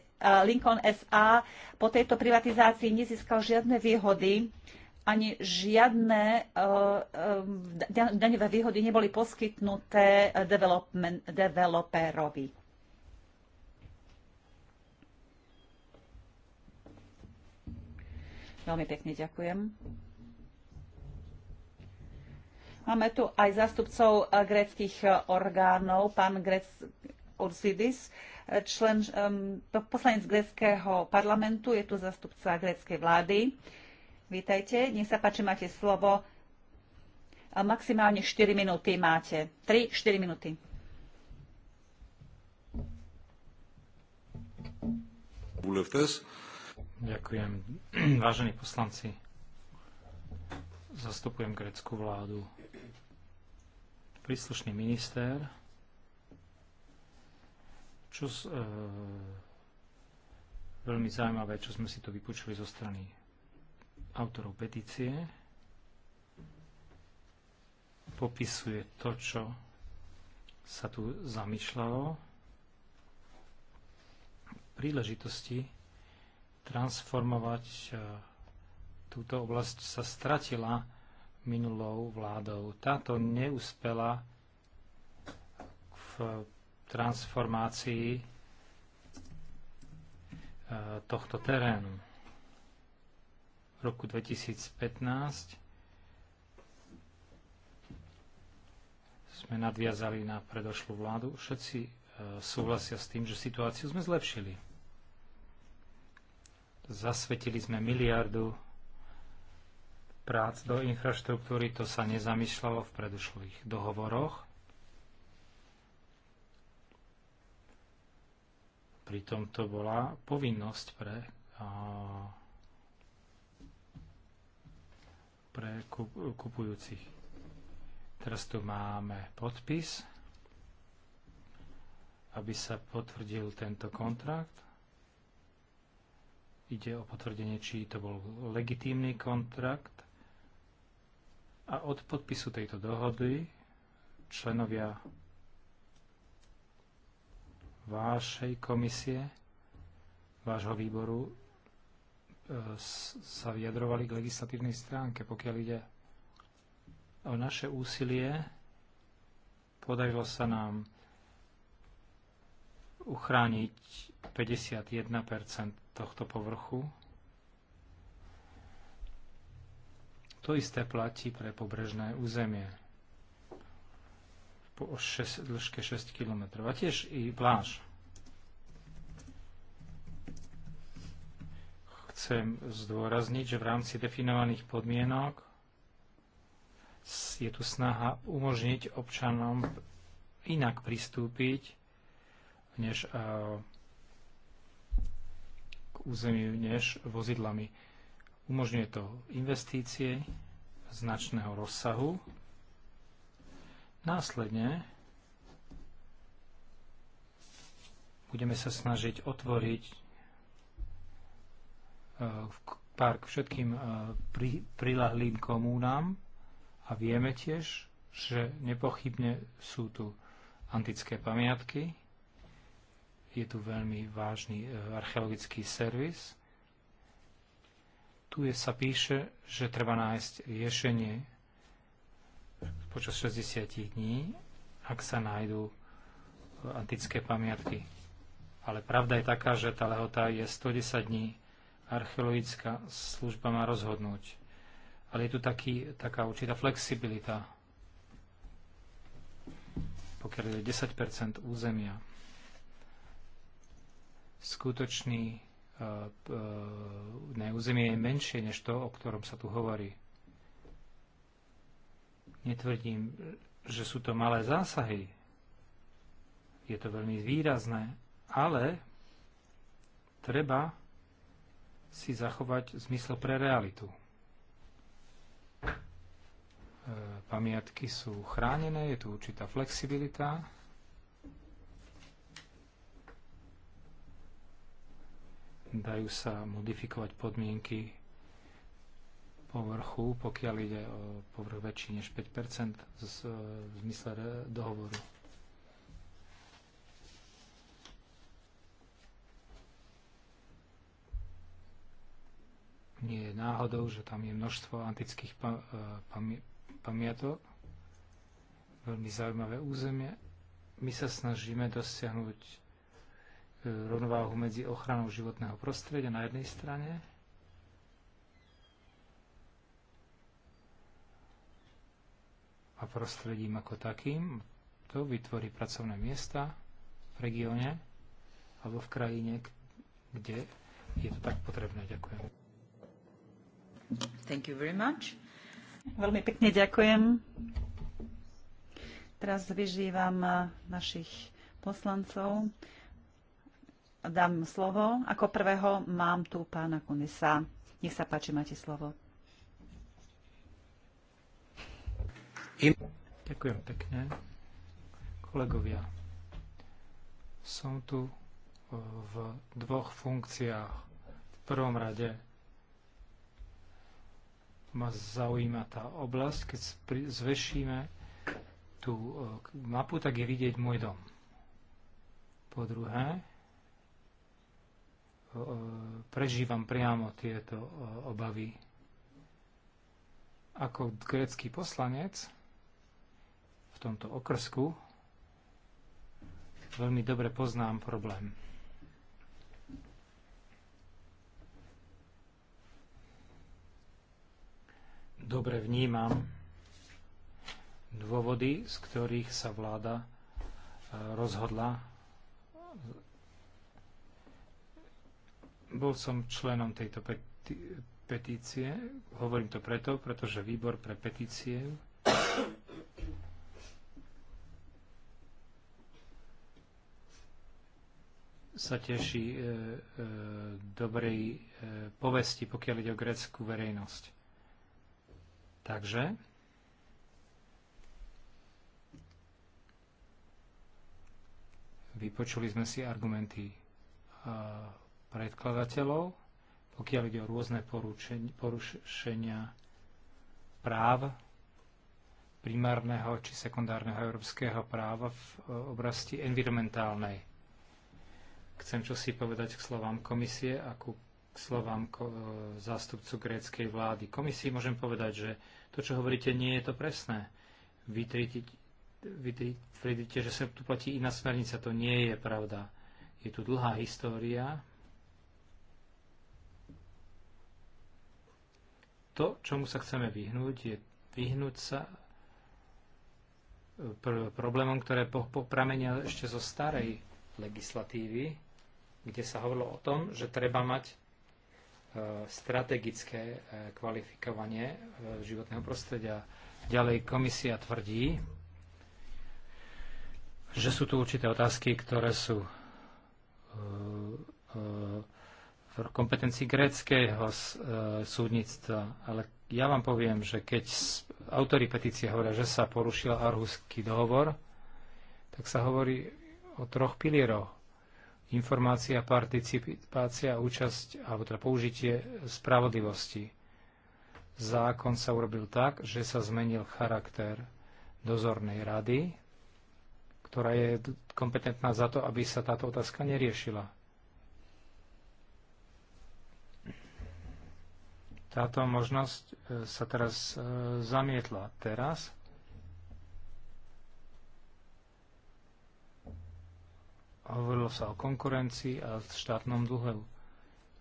Lincoln SA po tejto privatizácii nezískal žiadne výhody, ani žiadne e, daňové výhody neboli poskytnuté developerovi. Veľmi pekne ďakujem. Máme tu aj zástupcov eh, greckých eh, orgánov, pán Grec Ursidis, eh, člen, ehm, poslanec greckého parlamentu, je tu zástupca gréckej vlády. Vítajte, nech sa páči, máte slovo. Maximálne 4 minúty máte. 3-4 minúty. Ďakujem. Vážení poslanci, zastupujem greckú vládu príslušný minister, čo e, veľmi zaujímavé, čo sme si tu vypočuli zo strany autorov petície, popisuje to, čo sa tu zamýšľalo, príležitosti transformovať e, túto oblasť sa stratila minulou vládou. Táto neúspela v transformácii e, tohto terénu. V roku 2015 sme nadviazali na predošlú vládu. Všetci e, súhlasia s tým, že situáciu sme zlepšili. Zasvetili sme miliardu prác do infraštruktúry, to sa nezamýšľalo v predošlých dohovoroch. Pritom to bola povinnosť pre, pre kupujúcich. Teraz tu máme podpis, aby sa potvrdil tento kontrakt. Ide o potvrdenie, či to bol legitímny kontrakt a od podpisu tejto dohody členovia vášej komisie, vášho výboru e, sa vyjadrovali k legislatívnej stránke, pokiaľ ide o naše úsilie. Podarilo sa nám uchrániť 51 tohto povrchu To isté platí pre pobrežné územie po šes, dĺžke 6 km. A tiež i pláž. Chcem zdôrazniť, že v rámci definovaných podmienok je tu snaha umožniť občanom inak pristúpiť, než eh, k územiu, než vozidlami. Umožňuje to investície značného rozsahu. Následne budeme sa snažiť otvoriť e, park všetkým e, prilahlým komúnám a vieme tiež, že nepochybne sú tu antické pamiatky, je tu veľmi vážny e, archeologický servis, tu je, sa píše, že treba nájsť riešenie počas 60 dní, ak sa nájdú e, antické pamiatky. Ale pravda je taká, že tá lehota je 110 dní. Archeologická služba má rozhodnúť. Ale je tu taký, taká určitá flexibilita, pokiaľ je 10 územia. Skutočný E, e, na územie je menšie než to, o ktorom sa tu hovorí. Netvrdím, že sú to malé zásahy. Je to veľmi výrazné, ale treba si zachovať zmysel pre realitu. E, pamiatky sú chránené, je tu určitá flexibilita, dajú sa modifikovať podmienky povrchu, pokiaľ ide o povrch väčší než 5 z, v zmysle dohovoru. Nie je náhodou, že tam je množstvo antických pa, e, pami, pamiatok, veľmi zaujímavé územie. My sa snažíme dosiahnuť rovnováhu medzi ochranou životného prostredia na jednej strane a prostredím ako takým. To vytvorí pracovné miesta v regióne alebo v krajine, kde je to tak potrebné. Ďakujem. Thank you very much. Veľmi pekne ďakujem. Teraz vyžívam našich poslancov dám slovo. Ako prvého mám tu pána Kunisa. Nech sa páči, máte slovo. Ďakujem pekne. Kolegovia, som tu v dvoch funkciách. V prvom rade ma zaujíma tá oblasť. Keď zvešíme tú mapu, tak je vidieť môj dom. Po druhé, prežívam priamo tieto e, obavy. Ako grécky poslanec v tomto okrsku veľmi dobre poznám problém. Dobre vnímam dôvody, z ktorých sa vláda e, rozhodla bol som členom tejto petície. Hovorím to preto, pretože výbor pre petície sa teší e, e, dobrej e, povesti, pokiaľ ide o greckú verejnosť. Takže vypočuli sme si argumenty predkladateľov, pokiaľ ide o rôzne porušenia práv primárneho či sekundárneho európskeho práva v e, oblasti environmentálnej. Chcem čo si povedať k slovám komisie a ku k slovám e, zástupcu gréckej vlády. Komisii môžem povedať, že to, čo hovoríte, nie je to presné. Vy tvrdíte, že sa tu platí iná smernica. To nie je pravda. Je tu dlhá história To, čomu sa chceme vyhnúť, je vyhnúť sa e, pr- problémom, ktoré po- popramenia ešte zo starej legislatívy, kde sa hovorilo o tom, že treba mať e, strategické e, kvalifikovanie životného prostredia. Ďalej komisia tvrdí, že sú tu určité otázky, ktoré sú v kompetencii gréckého e, súdnictva. Ale ja vám poviem, že keď autori petície hovoria, že sa porušil Arhuský dohovor, tak sa hovorí o troch pilieroch. Informácia, participácia, účasť, alebo teda použitie spravodlivosti. Zákon sa urobil tak, že sa zmenil charakter dozornej rady, ktorá je kompetentná za to, aby sa táto otázka neriešila Táto možnosť e, sa teraz e, zamietla. Teraz hovorilo sa o konkurencii a štátnom dlhu.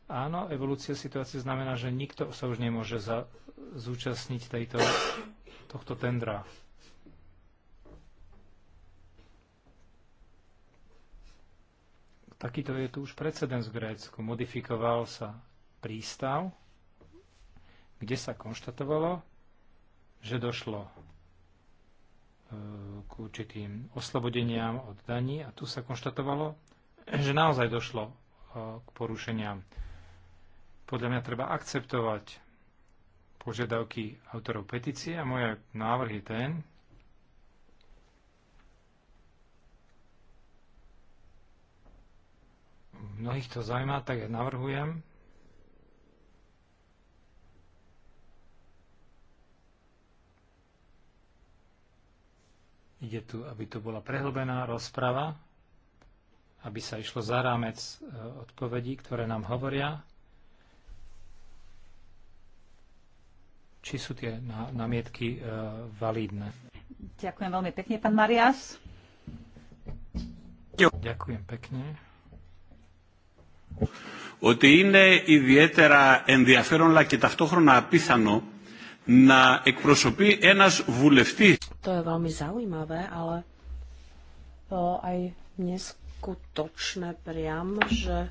Áno, evolúcia situácie znamená, že nikto sa už nemôže za, zúčastniť tejto, tohto tendra. Takýto je tu už precedens v Grécku. Modifikoval sa prístav, kde sa konštatovalo, že došlo e, k určitým oslobodeniam od daní a tu sa konštatovalo, že naozaj došlo e, k porušeniam. Podľa mňa treba akceptovať požiadavky autorov petície a môj návrh je ten, mnohých to zaujíma, tak ja navrhujem, Ide tu, aby tu bola prehlbená rozprava, aby sa išlo za rámec e, odpovedí, ktoré nám hovoria, či sú tie namietky e, validné. Ďakujem veľmi pekne, pán Marias. Ďakujem pekne. Ότι είναι ιδιαίτερα ενδιαφέρον αλλά και ταυτόχρονα απίθανο να εκπροσωπεί ένας βουλευτής to je veľmi zaujímavé, ale aj neskutočné priam, že e,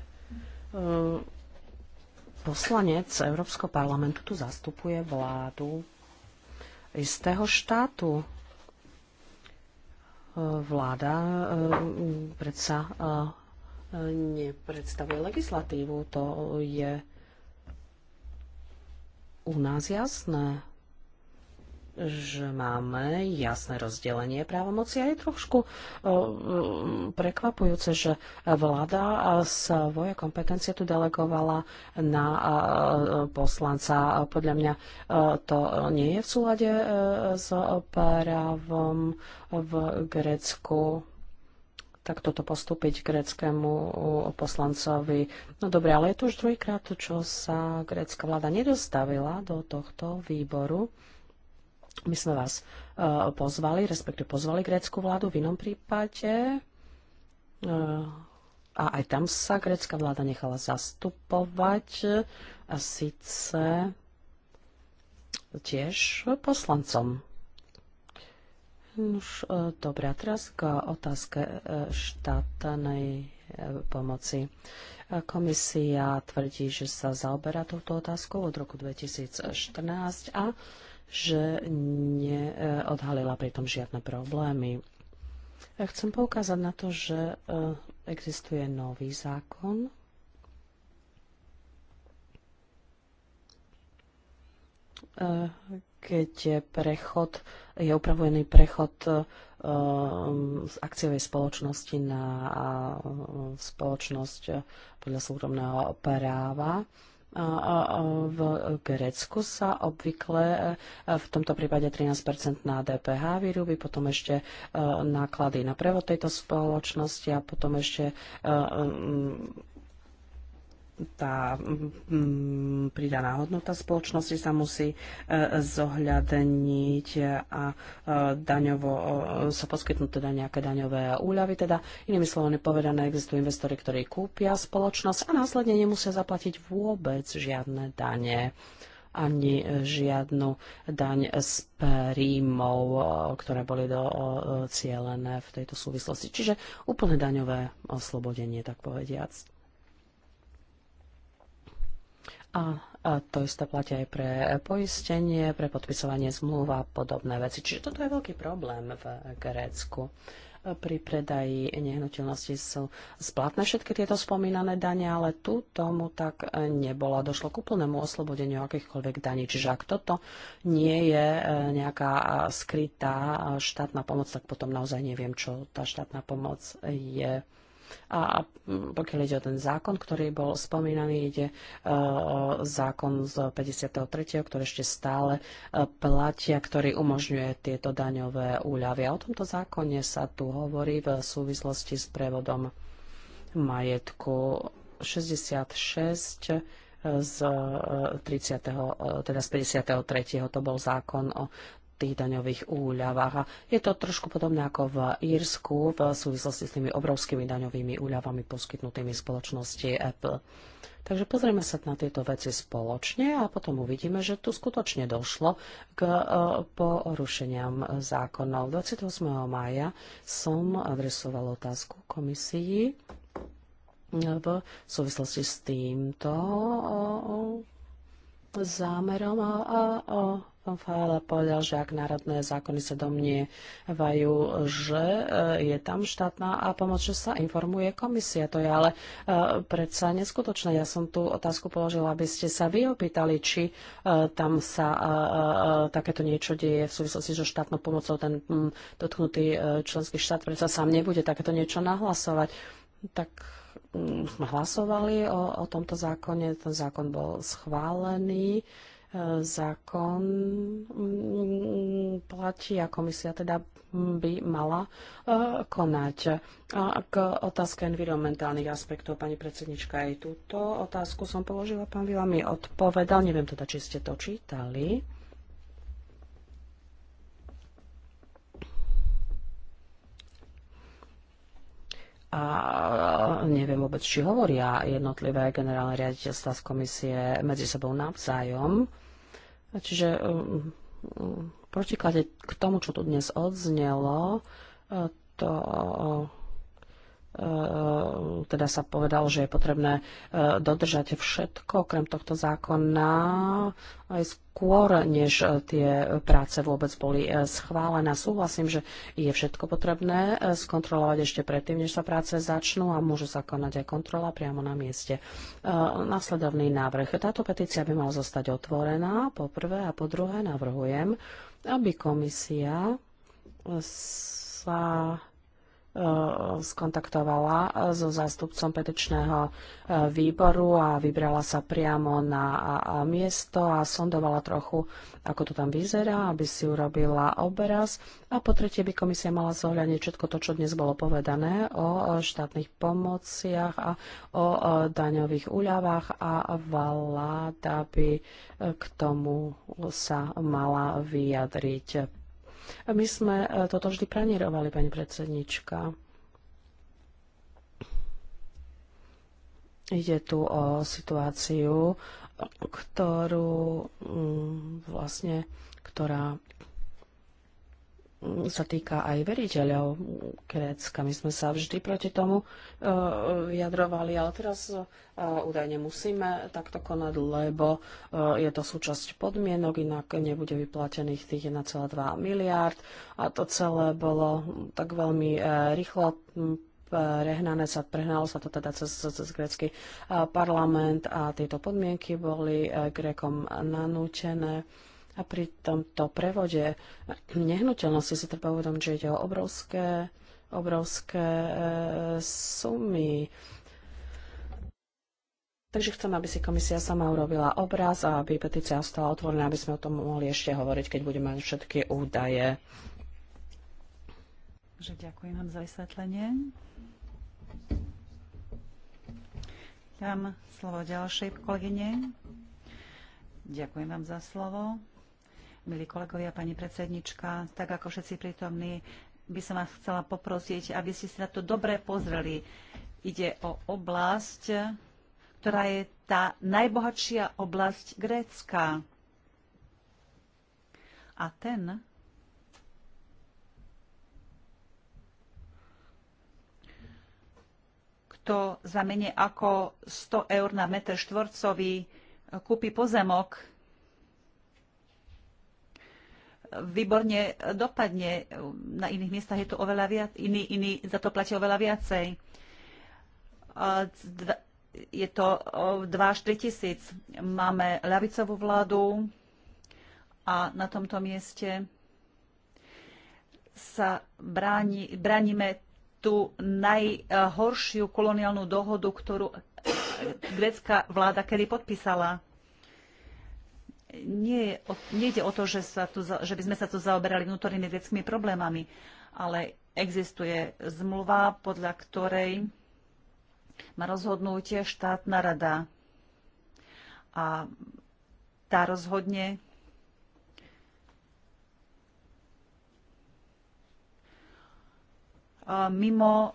poslanec Európskeho parlamentu tu zastupuje vládu istého štátu. E, vláda e, predsa nepredstavuje legislatívu, to je u nás jasné že máme jasné rozdelenie právomoci a je trošku eh, mm, prekvapujúce, že vláda svoje kompetencie tu delegovala na eh, poslanca. Podľa mňa eh, to nie je v súlade s právom v Grécku tak toto postúpiť gréckému poslancovi. No dobre, ale je to už druhýkrát, čo sa grécka vláda nedostavila do tohto výboru. My sme vás e, pozvali, respektive pozvali grécku vládu v inom prípade. E, a aj tam sa grécka vláda nechala zastupovať a síce tiež poslancom. Už, e, dobre, a teraz k otázke štátnej pomoci. Komisia tvrdí, že sa zaoberá touto otázkou od roku 2014 a že neodhalila pritom žiadne problémy. Chcem poukázať na to, že e, existuje nový zákon, e, keď je prechod, je upravený prechod e, z akciovej spoločnosti na spoločnosť podľa súkromného práva v Grécku sa obvykle e, v tomto prípade 13 na DPH vyrúbi, potom ešte e, náklady na prevod tejto spoločnosti a potom ešte e, tá mm, pridaná hodnota spoločnosti sa musí e, zohľadniť a e, daňovo e, sa poskytnú teda nejaké daňové úľavy. Teda inými slovami povedané, existujú investori, ktorí kúpia spoločnosť a následne nemusia zaplatiť vôbec žiadne dane ani žiadnu daň z príjmov, ktoré boli docielené v tejto súvislosti. Čiže úplne daňové oslobodenie, tak povediac. A a to isté platí aj pre poistenie, pre podpisovanie zmluv a podobné veci. Čiže toto je veľký problém v Grécku. Pri predaji nehnuteľnosti sú splatné všetky tieto spomínané dane, ale tu tomu tak nebolo. Došlo k úplnému oslobodeniu akýchkoľvek daní. Čiže ak toto nie je e, nejaká e, skrytá e, štátna pomoc, tak potom naozaj neviem, čo tá štátna pomoc je. A pokiaľ ide o ten zákon, ktorý bol spomínaný, ide e, o zákon z 53., ktorý ešte stále e, platia, ktorý umožňuje tieto daňové úľavy. A o tomto zákone sa tu hovorí v súvislosti s prevodom majetku 66 e, z 30. teda z 53. to bol zákon o tých daňových úľavách. A je to trošku podobné ako v Írsku v súvislosti s tými obrovskými daňovými úľavami poskytnutými spoločnosti Apple. Takže pozrieme sa na tieto veci spoločne a potom uvidíme, že tu skutočne došlo k e, porušeniam zákonov. 28. mája som adresoval otázku komisii e, v súvislosti s týmto e, zámerom a, Pán Fajala povedal, že ak národné zákony sa domnievajú, že e, je tam štátna a pomoc, že sa informuje komisia. To je ale e, predsa neskutočné. Ja som tú otázku položila, aby ste sa vy opýtali, či e, tam sa takéto niečo deje v súvislosti so štátnou pomocou. Ten dotknutý členský štát predsa sám nebude takéto niečo nahlasovať. Tak sme hlasovali o, o tomto zákone, ten zákon bol schválený zákon mm, platí a komisia teda by mala e, konať. A k otázke environmentálnych aspektov, pani predsednička, aj túto otázku som položila, pán Vila mi odpovedal, neviem teda, či ste to čítali. a neviem vôbec, či hovoria jednotlivé generálne riaditeľstva z komisie medzi sebou navzájom. Čiže um, um, protiklade k tomu, čo tu dnes odznelo, e, to Eh, teda sa povedal, že je potrebné eh, dodržať všetko okrem tohto zákona aj skôr, než eh, tie práce vôbec boli schválené. Súhlasím, že je všetko potrebné skontrolovať ešte predtým, než sa práce začnú a môže sa konať aj kontrola priamo na mieste. Nasledovný návrh. Táto petícia by mala zostať otvorená, po prvé, a po druhé navrhujem, aby komisia sa Eh, skontaktovala eh, so zástupcom petečného eh, výboru a vybrala sa priamo na miesto a sondovala trochu, ako to tam vyzerá, aby si urobila obraz. A po tretie by komisia mala zohľadniť všetko to, čo dnes bolo povedané o štátnych pomociach a o daňových úľavách a vláda by k tomu sa mala vyjadriť my sme e, toto vždy pranírovali, pani predsednička. Ide tu o situáciu, ktorú mm, vlastne, ktorá Mm, sa týka aj veriteľov Grécka. My sme sa vždy proti tomu e, vyjadrovali, ale teraz e, údajne musíme takto konať, lebo e, je to súčasť podmienok, inak nebude vyplatených tých 1,2 miliárd. A to celé bolo tak veľmi rýchlo prehnané sa, prehnalo sa to teda cez, cez grécky parlament a tieto podmienky boli Grékom nanútené. A pri tomto prevode nehnuteľnosti si treba uvedomiť, že ide o obrovské, obrovské e, sumy. Takže chcem, aby si komisia sama urobila obraz a aby petícia ostala otvorená, aby sme o tom mohli ešte hovoriť, keď budeme mať všetky údaje. Takže ďakujem vám za vysvetlenie. Dám slovo ďalšej kolegyne. Ďakujem vám za slovo milí kolegovia, pani predsednička, tak ako všetci prítomní, by som vás chcela poprosiť, aby ste si na to dobre pozreli. Ide o oblasť, ktorá je tá najbohatšia oblasť Grécka. A ten, kto za menej ako 100 eur na meter štvorcový kúpi pozemok výborne dopadne. Na iných miestach je to oveľa viac, iní, iní za to platia oveľa viacej. Je to 2 až 3 tisíc. Máme ľavicovú vládu a na tomto mieste sa bráni, bránime tú najhoršiu koloniálnu dohodu, ktorú grecká vláda kedy podpísala nie, nejde o to, že, sa tu, že by sme sa tu zaoberali vnútornými vedeckými problémami, ale existuje zmluva, podľa ktorej má rozhodnutie štátna rada. A tá rozhodne mimo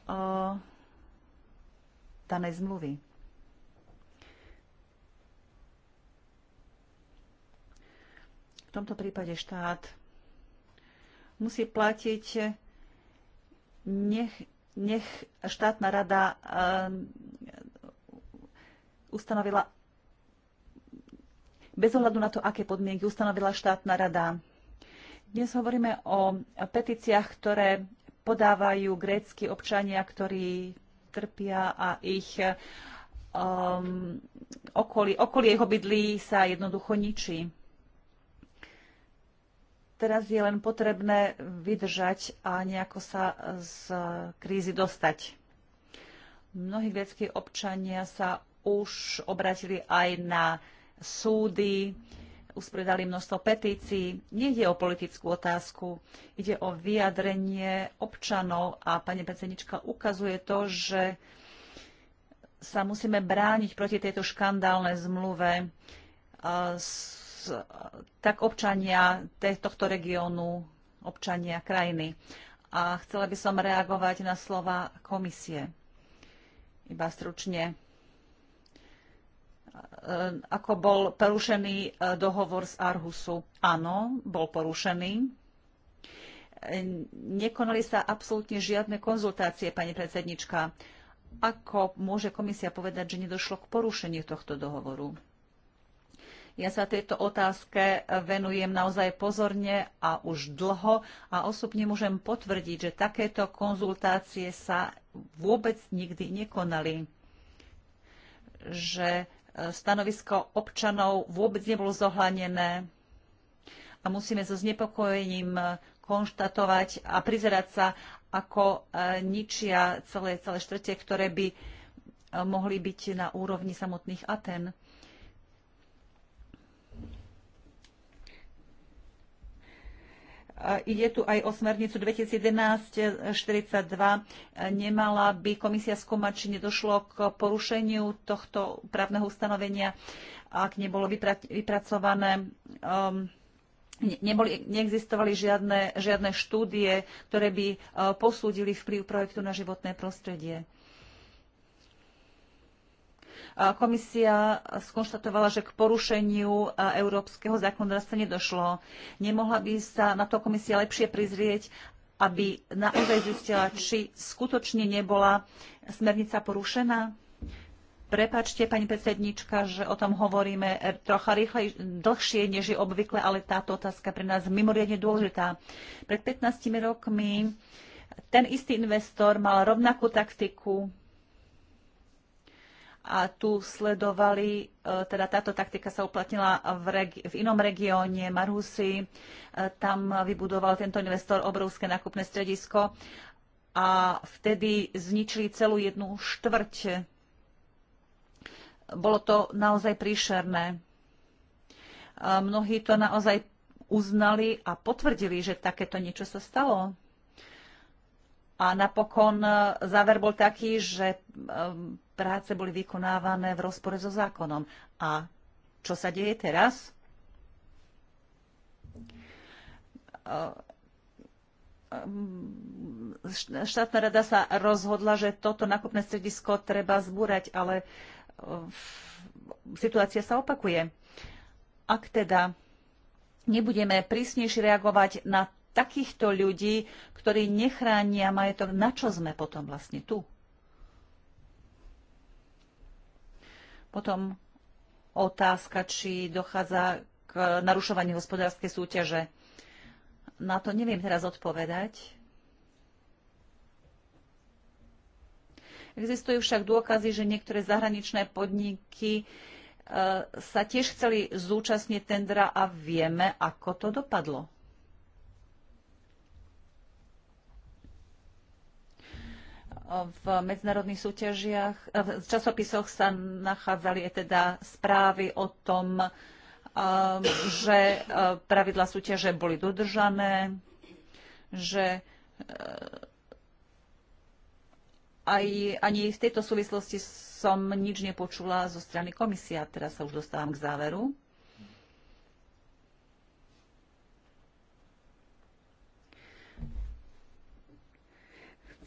danej zmluvy. tomto prípade štát musí platiť, nech, nech štátna rada eh, ustanovila bez ohľadu na to, aké podmienky ustanovila štátna rada. Dnes hovoríme o petíciách, ktoré podávajú grécky občania, ktorí trpia a ich um, okolie, okolie ich obydlí sa jednoducho ničí. Teraz je len potrebné vydržať a nejako sa z krízy dostať. Mnohí greckí občania sa už obratili aj na súdy, uspredali množstvo petícií. Nejde o politickú otázku, ide o vyjadrenie občanov a pani predsednička ukazuje to, že sa musíme brániť proti tejto škandálnej zmluve tak občania tohto regiónu, občania krajiny. A chcela by som reagovať na slova komisie. Iba stručne. E, ako bol porušený e, dohovor z Arhusu? Áno, bol porušený. E, nekonali sa absolútne žiadne konzultácie, pani predsednička. Ako môže komisia povedať, že nedošlo k porušeniu tohto dohovoru? Ja sa tejto otázke venujem naozaj pozorne a už dlho a osobne môžem potvrdiť, že takéto konzultácie sa vôbec nikdy nekonali. Že e, stanovisko občanov vôbec nebolo zohľadené a musíme so znepokojením e, konštatovať a prizerať sa, ako e, ničia celé, celé štvrte, ktoré by mohli byť na úrovni samotných Aten. Ide tu aj o smernicu 2011-42. Nemala by komisia skúmať, či nedošlo k porušeniu tohto právneho ustanovenia, ak nebolo vypracované um, Neboli, neexistovali žiadne, žiadne štúdie, ktoré by uh, posúdili vplyv projektu na životné prostredie. Komisia skonštatovala, že k porušeniu európskeho zákonodárstva nedošlo. Nemohla by sa na to komisia lepšie prizrieť, aby naozaj zistila, či skutočne nebola smernica porušená? Prepačte, pani predsednička, že o tom hovoríme e, trocha rýchlej, dlhšie, než je obvykle, ale táto otázka pre nás mimoriadne dôležitá. Pred 15 rokmi ten istý investor mal rovnakú taktiku a tu sledovali, e, teda táto taktika sa uplatnila v, regi- v inom regióne, Marhusi, e, tam vybudoval tento investor obrovské nákupné stredisko a vtedy zničili celú jednu štvrť. Bolo to naozaj príšerné. E, mnohí to naozaj uznali a potvrdili, že takéto niečo sa stalo. A napokon e, záver bol taký, že e, práce boli vykonávané v rozpore so zákonom. A čo sa deje teraz? E, štátna rada sa rozhodla, že toto nakupné stredisko treba zbúrať, ale situácia sa opakuje. Ak teda nebudeme prísnejšie reagovať na takýchto ľudí, ktorí nechránia majetok, na čo sme potom vlastne tu? Potom otázka, či dochádza k narušovaniu hospodárskej súťaže. Na to neviem teraz odpovedať. Existujú však dôkazy, že niektoré zahraničné podniky e, sa tiež chceli zúčastniť tendra a vieme, ako to dopadlo. v medzinárodných súťažiach, eh, v časopisoch sa nachádzali aj teda správy o tom, eh, že eh, pravidla súťaže boli dodržané, že aj, ani v tejto súvislosti som nič nepočula zo strany komisia. Teraz sa už dostávam k záveru.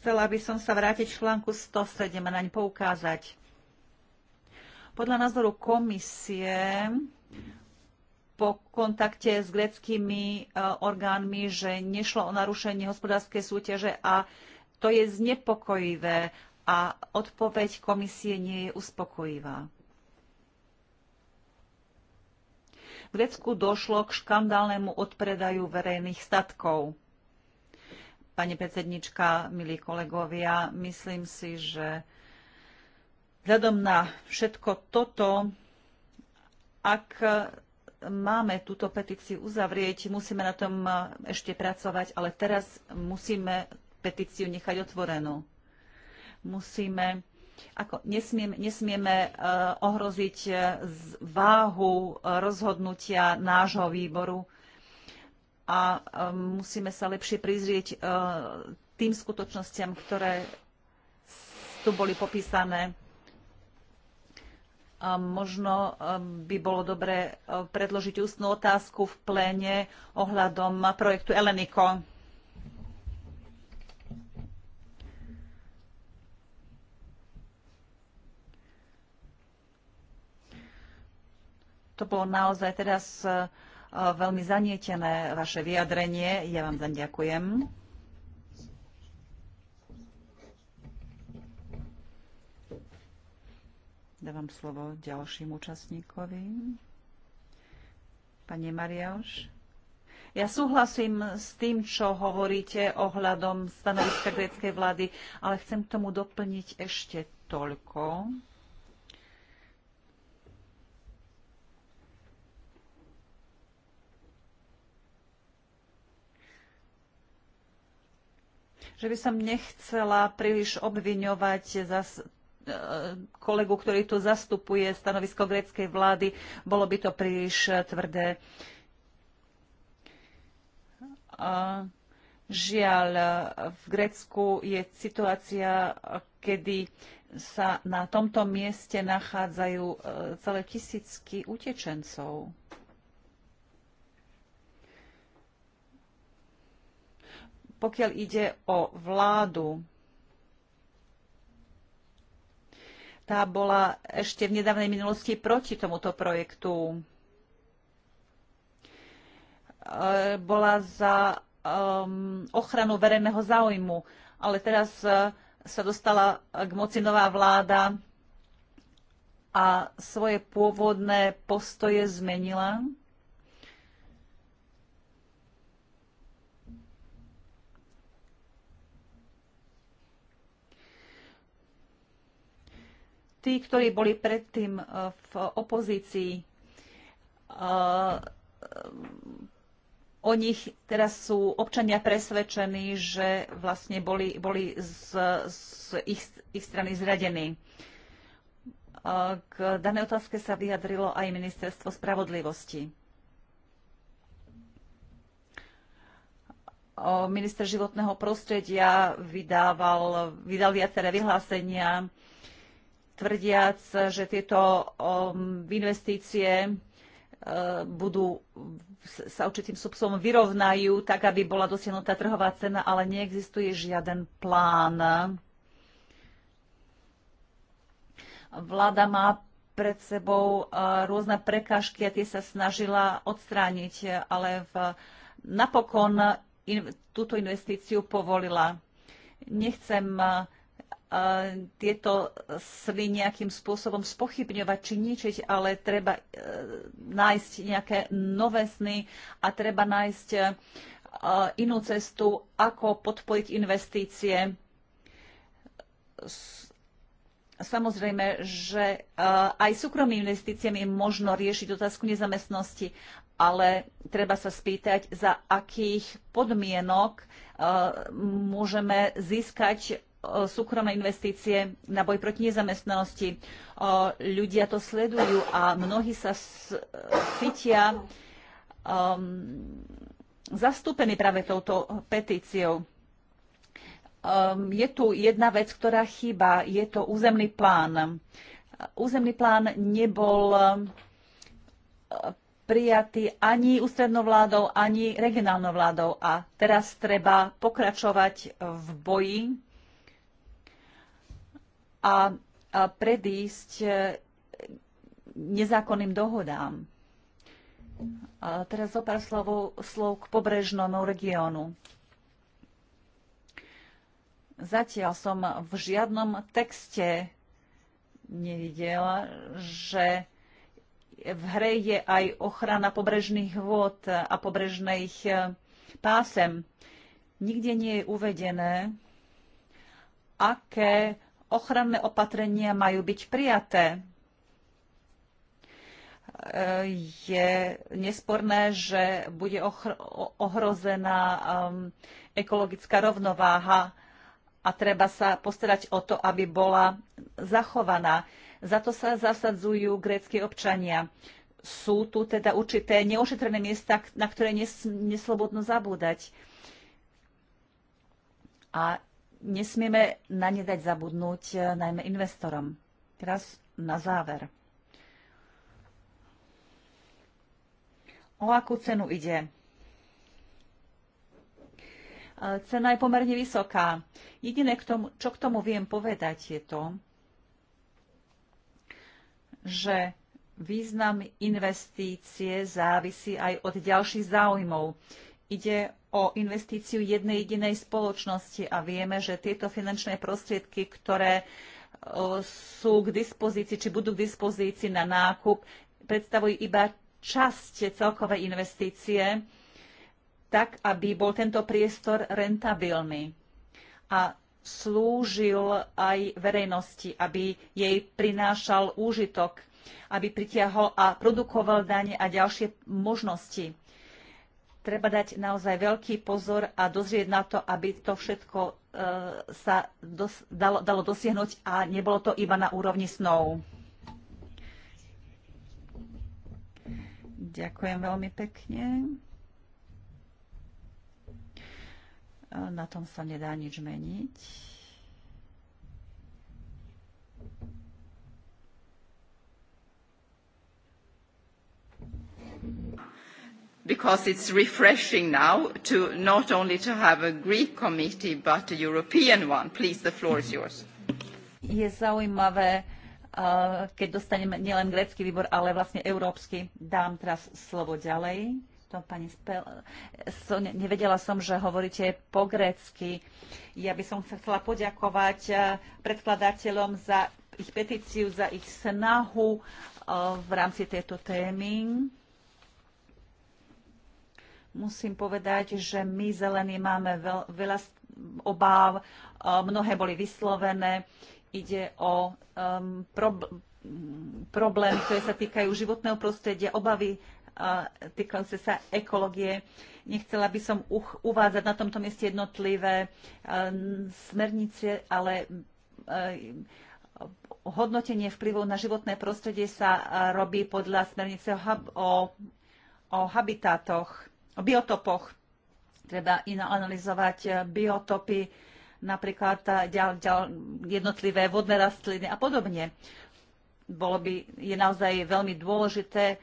Chcela by som sa vrátiť článku 107 a naň poukázať. Podľa názoru komisie po kontakte s greckými e, orgánmi, že nešlo o narušenie hospodárskej súťaže a to je znepokojivé a odpoveď komisie nie je uspokojivá. V Grécku došlo k škandálnemu odpredaju verejných statkov pani predsednička, milí kolegovia. Myslím si, že vzhľadom na všetko toto, ak máme túto petíciu uzavrieť, musíme na tom ešte pracovať, ale teraz musíme petíciu nechať otvorenú. Musíme ako nesmieme, nesmieme ohroziť váhu rozhodnutia nášho výboru a musíme sa lepšie prizrieť e, tým skutočnostiam, ktoré tu boli popísané. možno e, by bolo dobre e, predložiť ústnú otázku v pléne ohľadom projektu Eleniko. To bolo naozaj teraz uh, veľmi zanietené vaše vyjadrenie. Ja vám zaň ďakujem. Dávam slovo ďalším účastníkovi. Pani Mariáš. Ja súhlasím s tým, čo hovoríte ohľadom stanoviska gréckej vlády, ale chcem k tomu doplniť ešte toľko, že by som nechcela príliš obviňovať za e, kolegu, ktorý tu zastupuje stanovisko gréckej vlády. Bolo by to príliš tvrdé. žiaľ, v Grécku je situácia, kedy sa na tomto mieste nachádzajú e, celé tisícky utečencov. Pokiaľ ide o vládu, tá bola ešte v nedávnej minulosti proti tomuto projektu. E, bola za um, ochranu verejného záujmu, ale teraz e, sa dostala k moci nová vláda a svoje pôvodné postoje zmenila. tí, ktorí boli predtým eh, v opozícii, eh, o nich teraz sú občania presvedčení, že vlastne boli, boli z, z ich, ich strany zradení. Eh, k danej otázke sa vyjadrilo aj Ministerstvo spravodlivosti. Minister životného prostredia vydával, vydal viaceré vyhlásenia tvrdiac, že tieto um, investície uh, budú, sa určitým spôsobom vyrovnajú, tak aby bola dosiahnutá trhová cena, ale neexistuje žiaden plán. Vláda má pred sebou uh, rôzne prekážky a tie sa snažila odstrániť, ale v, napokon in, túto investíciu povolila. Nechcem uh, tieto sny nejakým spôsobom spochybňovať či ničiť, ale treba e, nájsť nejaké nové sny a treba nájsť e, inú cestu, ako podpojiť investície. Samozrejme, že e, aj súkromnými investíciami je možno riešiť otázku nezamestnosti, ale treba sa spýtať, za akých podmienok môžeme získať súkromné investície na boj proti nezamestnanosti. Ľudia to sledujú a mnohí sa cítia um, zastúpení práve touto petíciou. Um, je tu jedna vec, ktorá chýba. Je to územný plán. Územný plán nebol um, prijatý ani ústrednou vládou, ani regionálnou vládou. A teraz treba pokračovať v boji a, predísť e, nezákonným dohodám. A teraz zo pár slov, slov k pobrežnému regiónu. Zatiaľ som v žiadnom texte nevidela, že v hre je aj ochrana pobrežných vôd a pobrežných e, pásem. Nikde nie je uvedené, aké ochranné opatrenia majú byť prijaté. E, je nesporné, že bude ohrozená um, ekologická rovnováha a treba sa postarať o to, aby bola zachovaná. Za to sa zasadzujú grécky občania. Sú tu teda určité neošetrené miesta, na ktoré neslobodno zabúdať. A nesmieme na ne dať zabudnúť, e, najmä investorom. Teraz na záver. O akú cenu ide? E, cena je pomerne vysoká. Jediné, k tomu, čo k tomu viem povedať, je to, že význam investície závisí aj od ďalších záujmov. Ide o investíciu jednej jedinej spoločnosti a vieme, že tieto finančné prostriedky, ktoré e, sú k dispozícii, či budú k dispozícii na nákup, predstavujú iba časť celkovej investície, tak aby bol tento priestor rentabilný a slúžil aj verejnosti, aby jej prinášal úžitok, aby pritiahol a produkoval dane a ďalšie možnosti treba dať naozaj veľký pozor a dozrieť na to, aby to všetko e, sa dos- dalo, dalo dosiahnuť a nebolo to iba na úrovni snov. Ďakujem veľmi pekne. E, na tom sa nedá nič meniť. Thank you because it's refreshing now to not only to have a Greek committee but a European one. Please, the floor is yours. Je zaujímavé, uh, keď dostaneme nielen grécky výbor, ale vlastne európsky. Dám teraz slovo ďalej. To pani Spel... So, nevedela som, že hovoríte po grécky. Ja by som sa chcela poďakovať uh, predkladateľom za ich petíciu, za ich snahu uh, v rámci tejto témy Musím povedať, že my zelení máme veľ, veľa obáv, e, mnohé boli vyslovené. Ide o um, prob- problémy, ktoré sa týkajú životného prostredia, obavy e, týkajúce sa ekológie. Nechcela by som uvádzať na tomto mieste jednotlivé e, smernice, ale hodnotenie vplyvov na životné prostredie sa robí podľa smernice o, o, o habitátoch biotopoch. Treba analyzovať eh, biotopy, napríklad eh, ďal, ďal, jednotlivé vodné rastliny a podobne. Bolo by, je naozaj veľmi dôležité,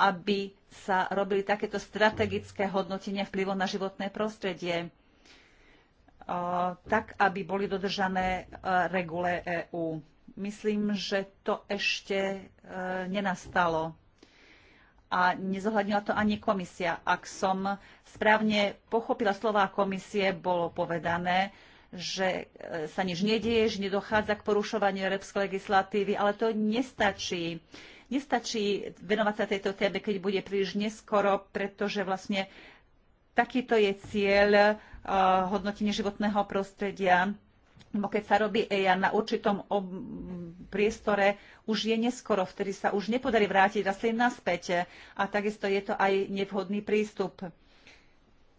aby sa robili takéto strategické hodnotenia vplyvu na životné prostredie eh, tak, aby boli dodržané regule EÚ. Myslím, že to ešte nenastalo a nezohľadnila to ani komisia. Ak som správne pochopila slova komisie, bolo povedané, že e, sa nič nedieje, že nedochádza k porušovaniu európskej legislatívy, ale to nestačí. Nestačí venovať sa tejto téme, keď bude príliš neskoro, pretože vlastne takýto je cieľ e, hodnotenie životného prostredia Bo keď sa robí EIA na určitom priestore, už je neskoro, vtedy sa už nepodarí vrátiť zase naspäť. A takisto je to aj nevhodný prístup.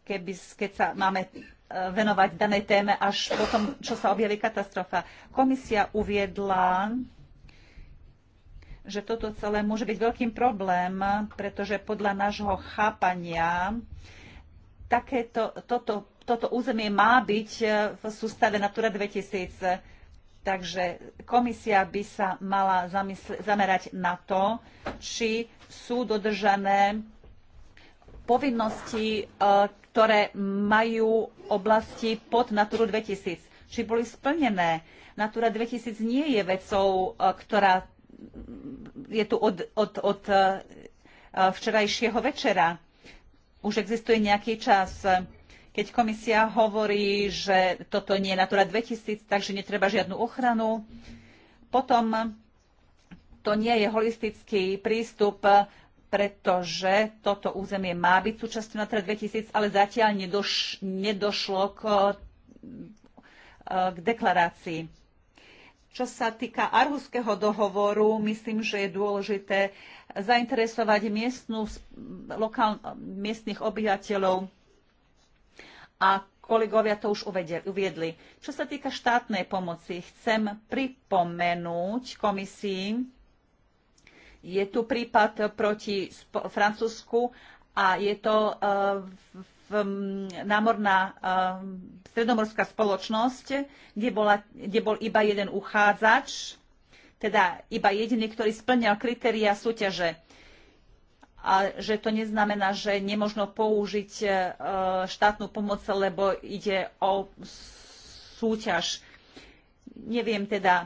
Keby, keď sa máme e, venovať danej téme až po tom, čo sa objaví katastrofa. Komisia uviedla, že toto celé môže byť veľkým problém, pretože podľa nášho chápania takéto, toto toto územie má byť e, v sústave Natura 2000. Takže komisia by sa mala zamerať na to, či sú dodržané povinnosti, e, ktoré majú oblasti pod Naturu 2000. Či boli splnené. Natura 2000 nie je vecou, e, ktorá je tu od, od, od včerajšieho večera. Už existuje nejaký čas keď komisia hovorí, že toto nie je Natura 2000, takže netreba žiadnu ochranu, potom to nie je holistický prístup, pretože toto územie má byť súčasťou Natura 2000, ale zatiaľ nedoš, nedošlo k, k deklarácii. Čo sa týka Arhuského dohovoru, myslím, že je dôležité zainteresovať miestnu lokál, miestnych obyvateľov a kolegovia to už uviedli. Čo sa týka štátnej pomoci, chcem pripomenúť komisii, je tu prípad proti Francúzsku a je to e, námorná e, stredomorská spoločnosť, kde, bola, kde bol iba jeden uchádzač, teda iba jediný, ktorý splňal kritéria súťaže a že to neznamená, že nemožno použiť e, štátnu pomoc, lebo ide o súťaž. Neviem teda, e,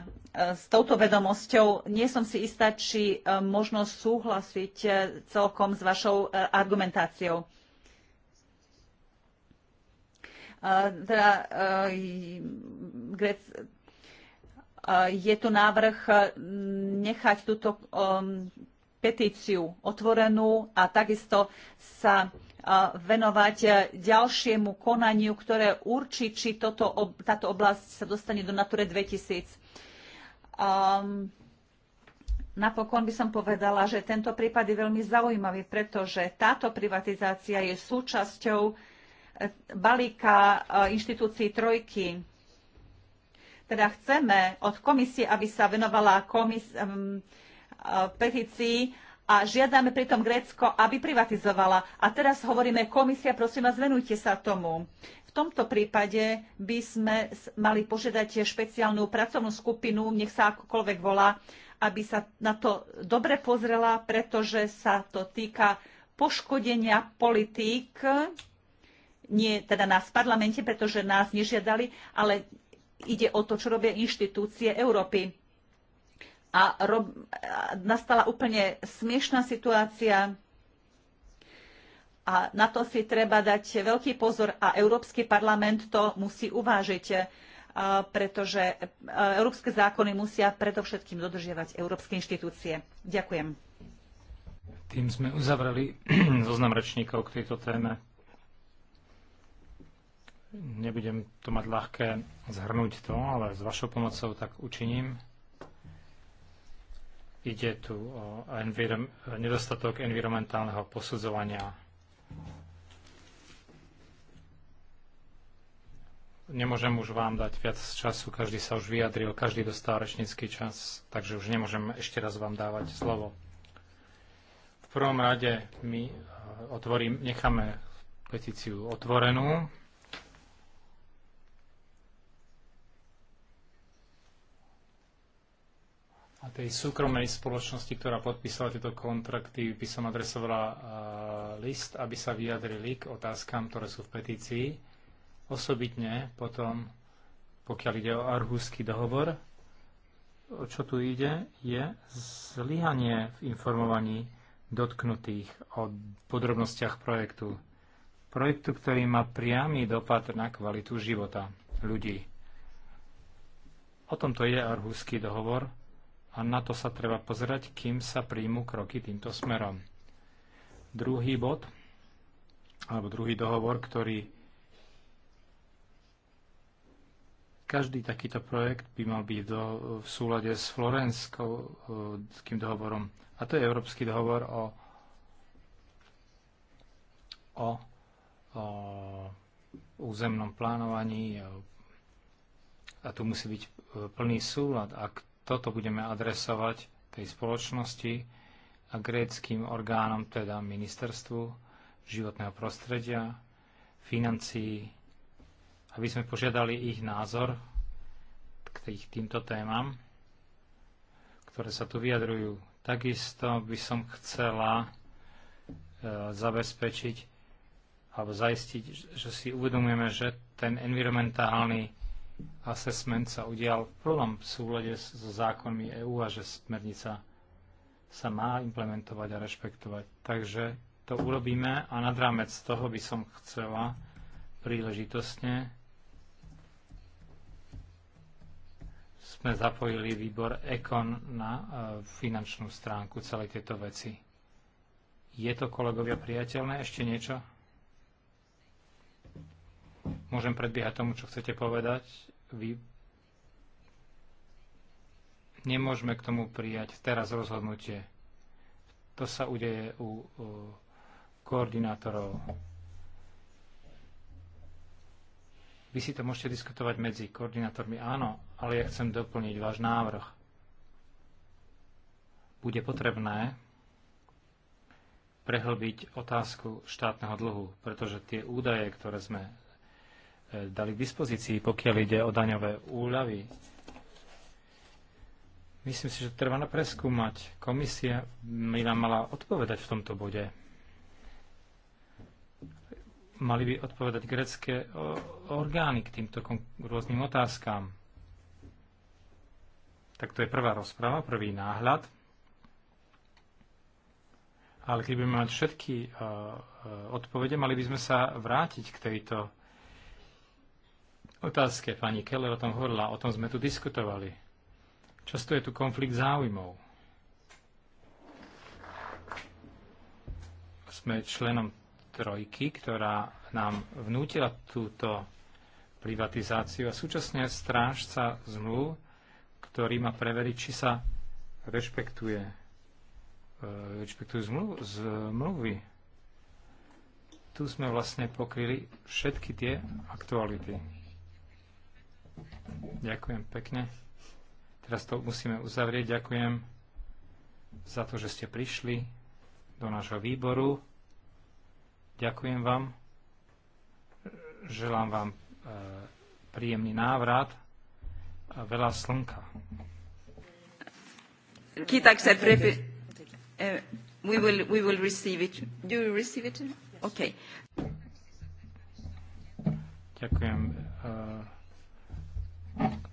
s touto vedomosťou nie som si istá, či e, možno súhlasiť celkom s vašou argumentáciou. Teda, je tu návrh nechať túto petíciu otvorenú a takisto sa venovať e, ďalšiemu konaniu, ktoré určí, či toto, táto oblasť sa dostane do Nature 2000. Um, napokon by som povedala, že tento prípad je veľmi zaujímavý, pretože táto privatizácia je súčasťou e, balíka e, inštitúcií trojky. Teda chceme od komisie, aby sa venovala komis- um, petícii a žiadame pritom Grécko, aby privatizovala. A teraz hovoríme, komisia, prosím vás, venujte sa tomu. V tomto prípade by sme mali požiadať špeciálnu pracovnú skupinu, nech sa akokoľvek volá, aby sa na to dobre pozrela, pretože sa to týka poškodenia politík, nie teda nás v parlamente, pretože nás nežiadali, ale ide o to, čo robia inštitúcie Európy a, rob, a nastala úplne smiešná situácia a na to si treba dať veľký pozor a Európsky parlament to musí uvážiť, pretože európske zákony musia predovšetkým dodržiavať európske inštitúcie. Ďakujem. Tým sme uzavreli zoznam rečníkov k tejto téme. Nebudem to mať ľahké zhrnúť to, ale s vašou pomocou tak učiním. Ide tu o envirom, nedostatok environmentálneho posudzovania. Nemôžem už vám dať viac času, každý sa už vyjadril, každý dostal rečnícky čas, takže už nemôžem ešte raz vám dávať slovo. V prvom rade my eh, otvorím, necháme petíciu otvorenú. a tej súkromnej spoločnosti, ktorá podpísala tieto kontrakty, by som adresovala list, aby sa vyjadrili k otázkam, ktoré sú v petícii. Osobitne potom, pokiaľ ide o Arhúzsky dohovor, o čo tu ide, je zlyhanie v informovaní dotknutých o podrobnostiach projektu. Projektu, ktorý má priamy dopad na kvalitu života ľudí. O tomto je Arhusský dohovor, a na to sa treba pozerať, kým sa príjmu kroky týmto smerom. Druhý bod, alebo druhý dohovor, ktorý každý takýto projekt by mal byť do, v súlade s florenským e, dohovorom. A to je Európsky dohovor o, o, o územnom plánovaní a tu musí byť e, plný súlad. Ak toto budeme adresovať tej spoločnosti a gréckým orgánom, teda ministerstvu životného prostredia, financií, aby sme požiadali ich názor k tých, týmto témam, ktoré sa tu vyjadrujú. Takisto by som chcela e, zabezpečiť alebo zaistiť, že si uvedomujeme, že ten environmentálny assessment sa udial v plnom súlade so zákonmi EÚ a že smernica sa má implementovať a rešpektovať. Takže to urobíme a nad rámec toho by som chcela príležitostne sme zapojili výbor EKON na e, finančnú stránku celej tejto veci. Je to, kolegovia, priateľné? Ešte niečo? Môžem predbiehať tomu, čo chcete povedať. Vy nemôžeme k tomu prijať teraz rozhodnutie. To sa udeje u, u koordinátorov. Vy si to môžete diskutovať medzi koordinátormi, áno, ale ja chcem doplniť váš návrh. Bude potrebné prehlbiť otázku štátneho dlhu, pretože tie údaje, ktoré sme dali k dispozícii, pokiaľ ide o daňové úľavy. Myslím si, že treba na preskúmať. Komisia by nám mala odpovedať v tomto bode. Mali by odpovedať grecké orgány k týmto rôznym otázkam. Tak to je prvá rozprava, prvý náhľad. Ale keby mať všetky uh, odpovede, mali by sme sa vrátiť k tejto otázke pani Keller o tom hovorila, o tom sme tu diskutovali. Často je tu konflikt záujmov. Sme členom trojky, ktorá nám vnútila túto privatizáciu a súčasne strážca zmluv, ktorý má preveriť, či sa rešpektuje e, rešpektujú zmluv, zmluvy. Tu sme vlastne pokryli všetky tie aktuality. Ďakujem pekne. Teraz to musíme uzavrieť. Ďakujem za to, že ste prišli do nášho výboru. Ďakujem vám. Želám vám e, príjemný návrat a veľa slnka. sa prepe... We will, we will receive it. Do you receive it? Okay. Ďakujem. Uh,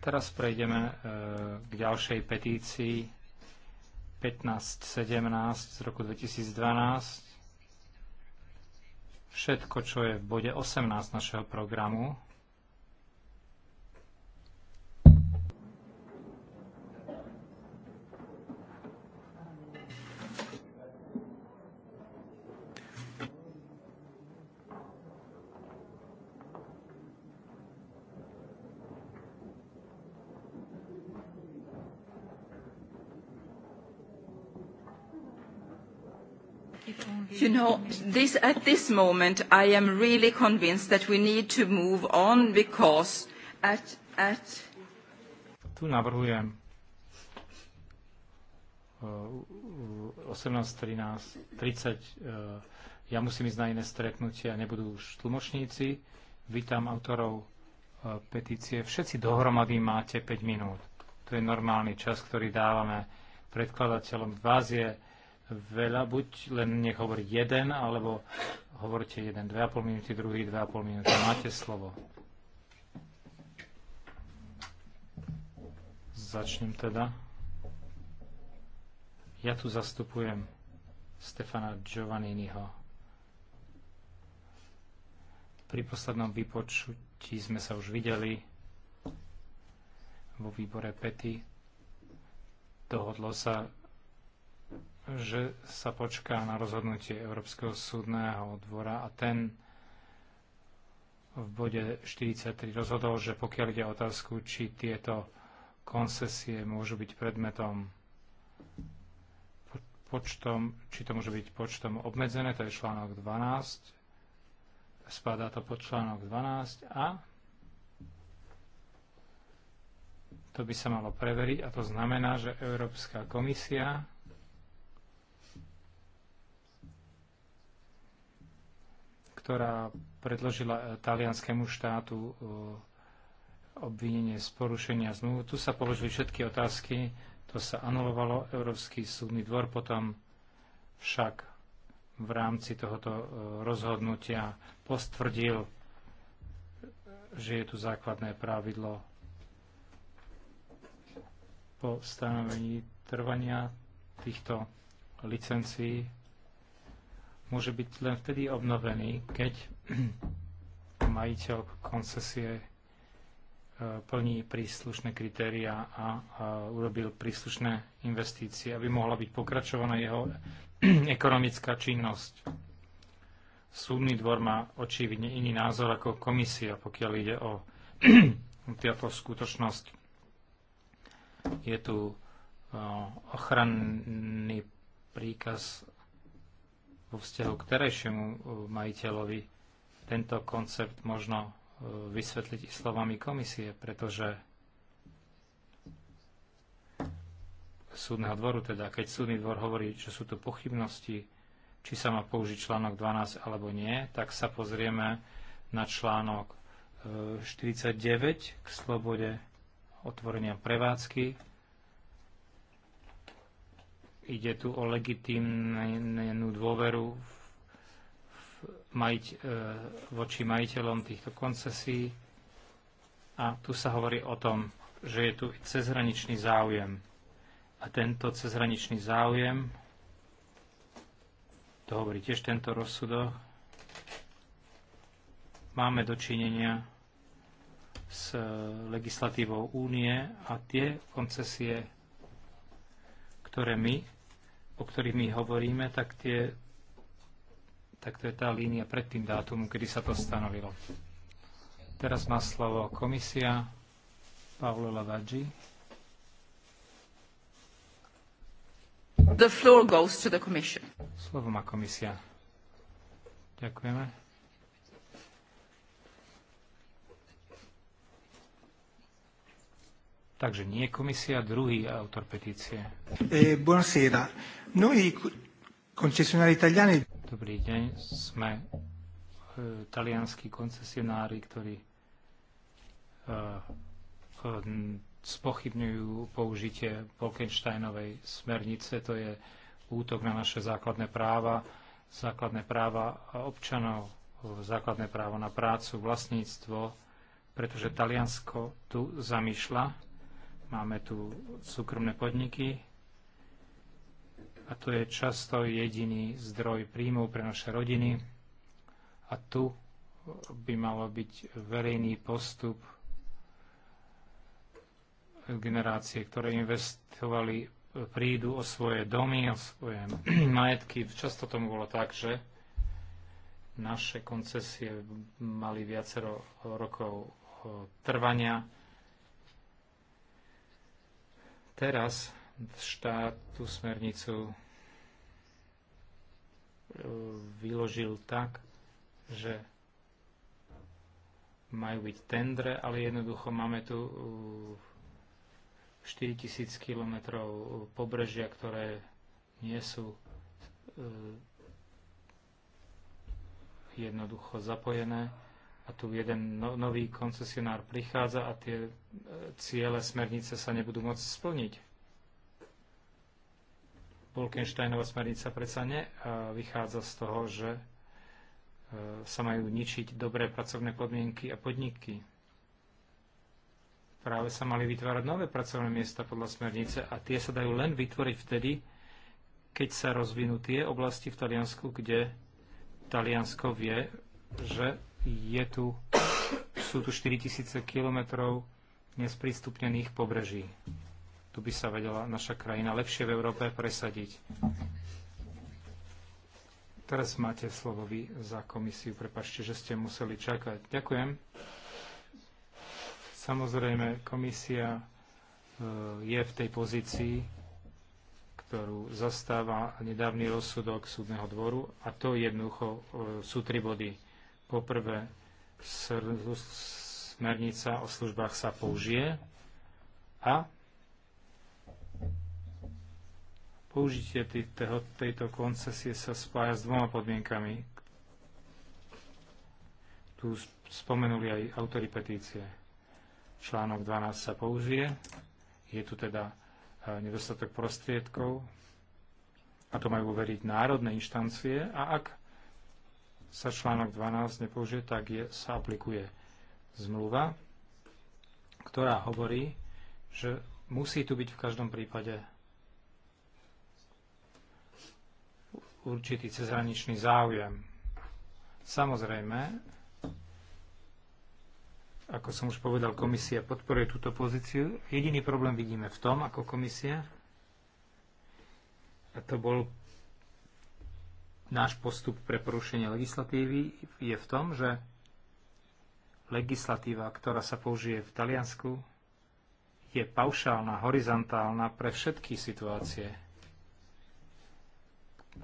Teraz prejdeme e, k ďalšej petícii 1517 z roku 2012. Všetko, čo je v bode 18 našeho programu, this, at this moment, I am really convinced that we need to move on because at, at tu navrhujem 18.13.30. Uh, uh, ja musím ísť na iné stretnutia, nebudú už tlmočníci. Vítam autorov uh, petície. Všetci dohromady máte 5 minút. To je normálny čas, ktorý dávame predkladateľom. Vás je veľa, buď len nech hovorí jeden, alebo hovorte jeden pol minúty, druhý pol minúty. Máte slovo. Začnem teda. Ja tu zastupujem Stefana Giovanniniho. Pri poslednom vypočutí sme sa už videli vo výbore pety. Dohodlo sa, že sa počká na rozhodnutie Európskeho súdneho dvora a ten v bode 43 rozhodol, že pokiaľ ide o otázku, či tieto koncesie môžu byť predmetom počtom, či to môže byť počtom obmedzené, to je článok 12, spadá to pod článok 12 a to by sa malo preveriť a to znamená, že Európska komisia ktorá predložila eh, talianskému štátu eh, obvinenie z porušenia zmluv. Tu sa položili všetky otázky, to sa anulovalo. Európsky súdny dvor potom však v rámci tohoto eh, rozhodnutia postvrdil, že je tu základné pravidlo po stanovení trvania týchto licencií môže byť len vtedy obnovený, keď majiteľ koncesie e, plní príslušné kritériá a, a urobil príslušné investície, aby mohla byť pokračovaná jeho ekonomická činnosť. Súdny dvor má očividne iný názor ako komisia, pokiaľ ide o tieto skutočnosť. Je tu e, ochranný príkaz vo vzťahu k terajšiemu e, majiteľovi tento koncept možno e, vysvetliť slovami komisie, pretože súdneho dvoru, teda keď súdny dvor hovorí, že sú tu pochybnosti, či sa má použiť článok 12 alebo nie, tak sa pozrieme na článok 49 e, k slobode otvorenia prevádzky Ide tu o legitímnu dôveru v e, voči majiteľom týchto koncesí a tu sa hovorí o tom, že je tu cezhraničný záujem. A tento cezhraničný záujem, to hovorí tiež tento rozsudok, máme dočinenia s e, legislatívou únie a tie koncesie ktoré my, o ktorých my hovoríme, tak, tie, tak to je tá línia pred tým dátumom, kedy sa to stanovilo. Teraz má slovo komisia Pavlo Lavaggi. The floor goes to the commission. Slovo má komisia. Ďakujeme. Takže nie komisia, druhý autor petície. Eh, buonasera. Noi concessionari italiani... Dobrý deň, sme e, talianskí koncesionári, ktorí eh, spochybňujú použitie Bolkensteinovej smernice. To je útok na naše základné práva, základné práva občanov, základné právo na prácu, vlastníctvo, pretože Taliansko tu zamýšľa Máme tu súkromné podniky a to je často jediný zdroj príjmov pre naše rodiny. A tu by malo byť verejný postup generácie, ktoré investovali, prídu o svoje domy, o svoje majetky. Často tomu bolo tak, že naše koncesie mali viacero rokov trvania Teraz štát tú smernicu e, vyložil tak, že majú byť tendre, ale jednoducho máme tu 4000 e, km pobrežia, ktoré nie sú e, jednoducho zapojené a tu jeden no, nový koncesionár prichádza a tie e, ciele smernice sa nebudú môcť splniť. Wolkensteinová smernica predsa ne a vychádza z toho, že e, sa majú ničiť dobré pracovné podmienky a podniky. Práve sa mali vytvárať nové pracovné miesta podľa smernice a tie sa dajú len vytvoriť vtedy, keď sa rozvinú tie oblasti v Taliansku, kde Taliansko vie, že je tu, sú tu 4000 kilometrov nesprístupnených pobreží. Tu by sa vedela naša krajina lepšie v Európe presadiť. Teraz máte slovo vy za komisiu. Prepašte, že ste museli čakať. Ďakujem. Samozrejme, komisia e, je v tej pozícii, ktorú zastáva nedávny rozsudok súdneho dvoru a to jednoducho e, sú tri body. Poprvé, smernica o službách sa použije a použitie tejto, tejto koncesie sa spája s dvoma podmienkami. Tu spomenuli aj autory petície. Článok 12 sa použije. Je tu teda e, nedostatok prostriedkov a to majú uveriť národné inštancie a ak sa článok 12 nepoužije, tak je, sa aplikuje zmluva, ktorá hovorí, že musí tu byť v každom prípade určitý cezhraničný záujem. Samozrejme, ako som už povedal, komisia podporuje túto pozíciu. Jediný problém vidíme v tom, ako komisia, a to bol náš postup pre porušenie legislatívy je v tom, že legislatíva, ktorá sa použije v Taliansku, je paušálna, horizontálna pre všetky situácie.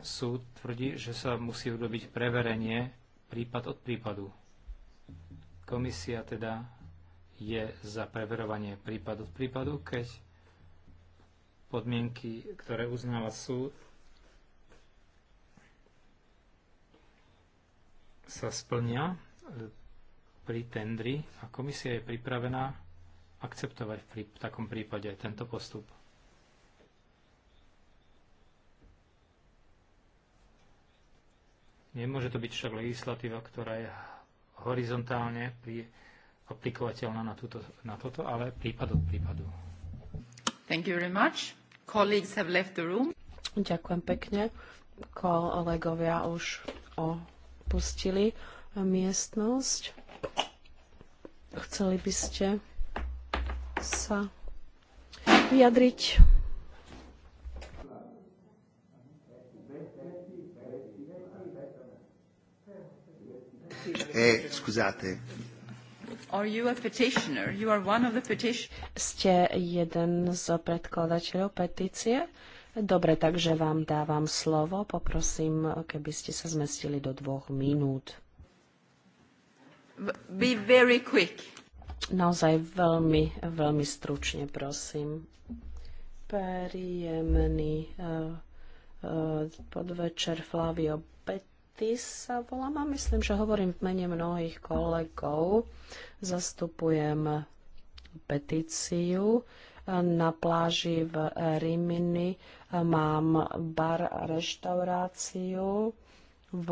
Súd tvrdí, že sa musí urobiť preverenie prípad od prípadu. Komisia teda je za preverovanie prípad od prípadu, keď podmienky, ktoré uznáva súd, sa splnia e, pri tendri a komisia je pripravená akceptovať v takom prípade tento postup. Nemôže to byť však legislatíva, ktorá je horizontálne pri, aplikovateľná na, túto, na toto, ale prípad od prípadu. Thank you very much. Colleagues have left the room. Ďakujem pekne. Kolegovia už o opustili eh, miestnosť. Chceli by ste sa vyjadriť? Eh, scusate. Are you a petitioner? You are one of the petition- Ste jeden z predkladateľov petície? Dobre, takže vám dávam slovo. Poprosím, keby ste sa zmestili do dvoch minút. Be very quick. Naozaj veľmi, veľmi stručne, prosím. Príjemný uh, uh, podvečer Flavio Petis sa volám a myslím, že hovorím v mene mnohých kolegov. Zastupujem petíciu eh, na pláži v Rimini Mám bar a reštauráciu. V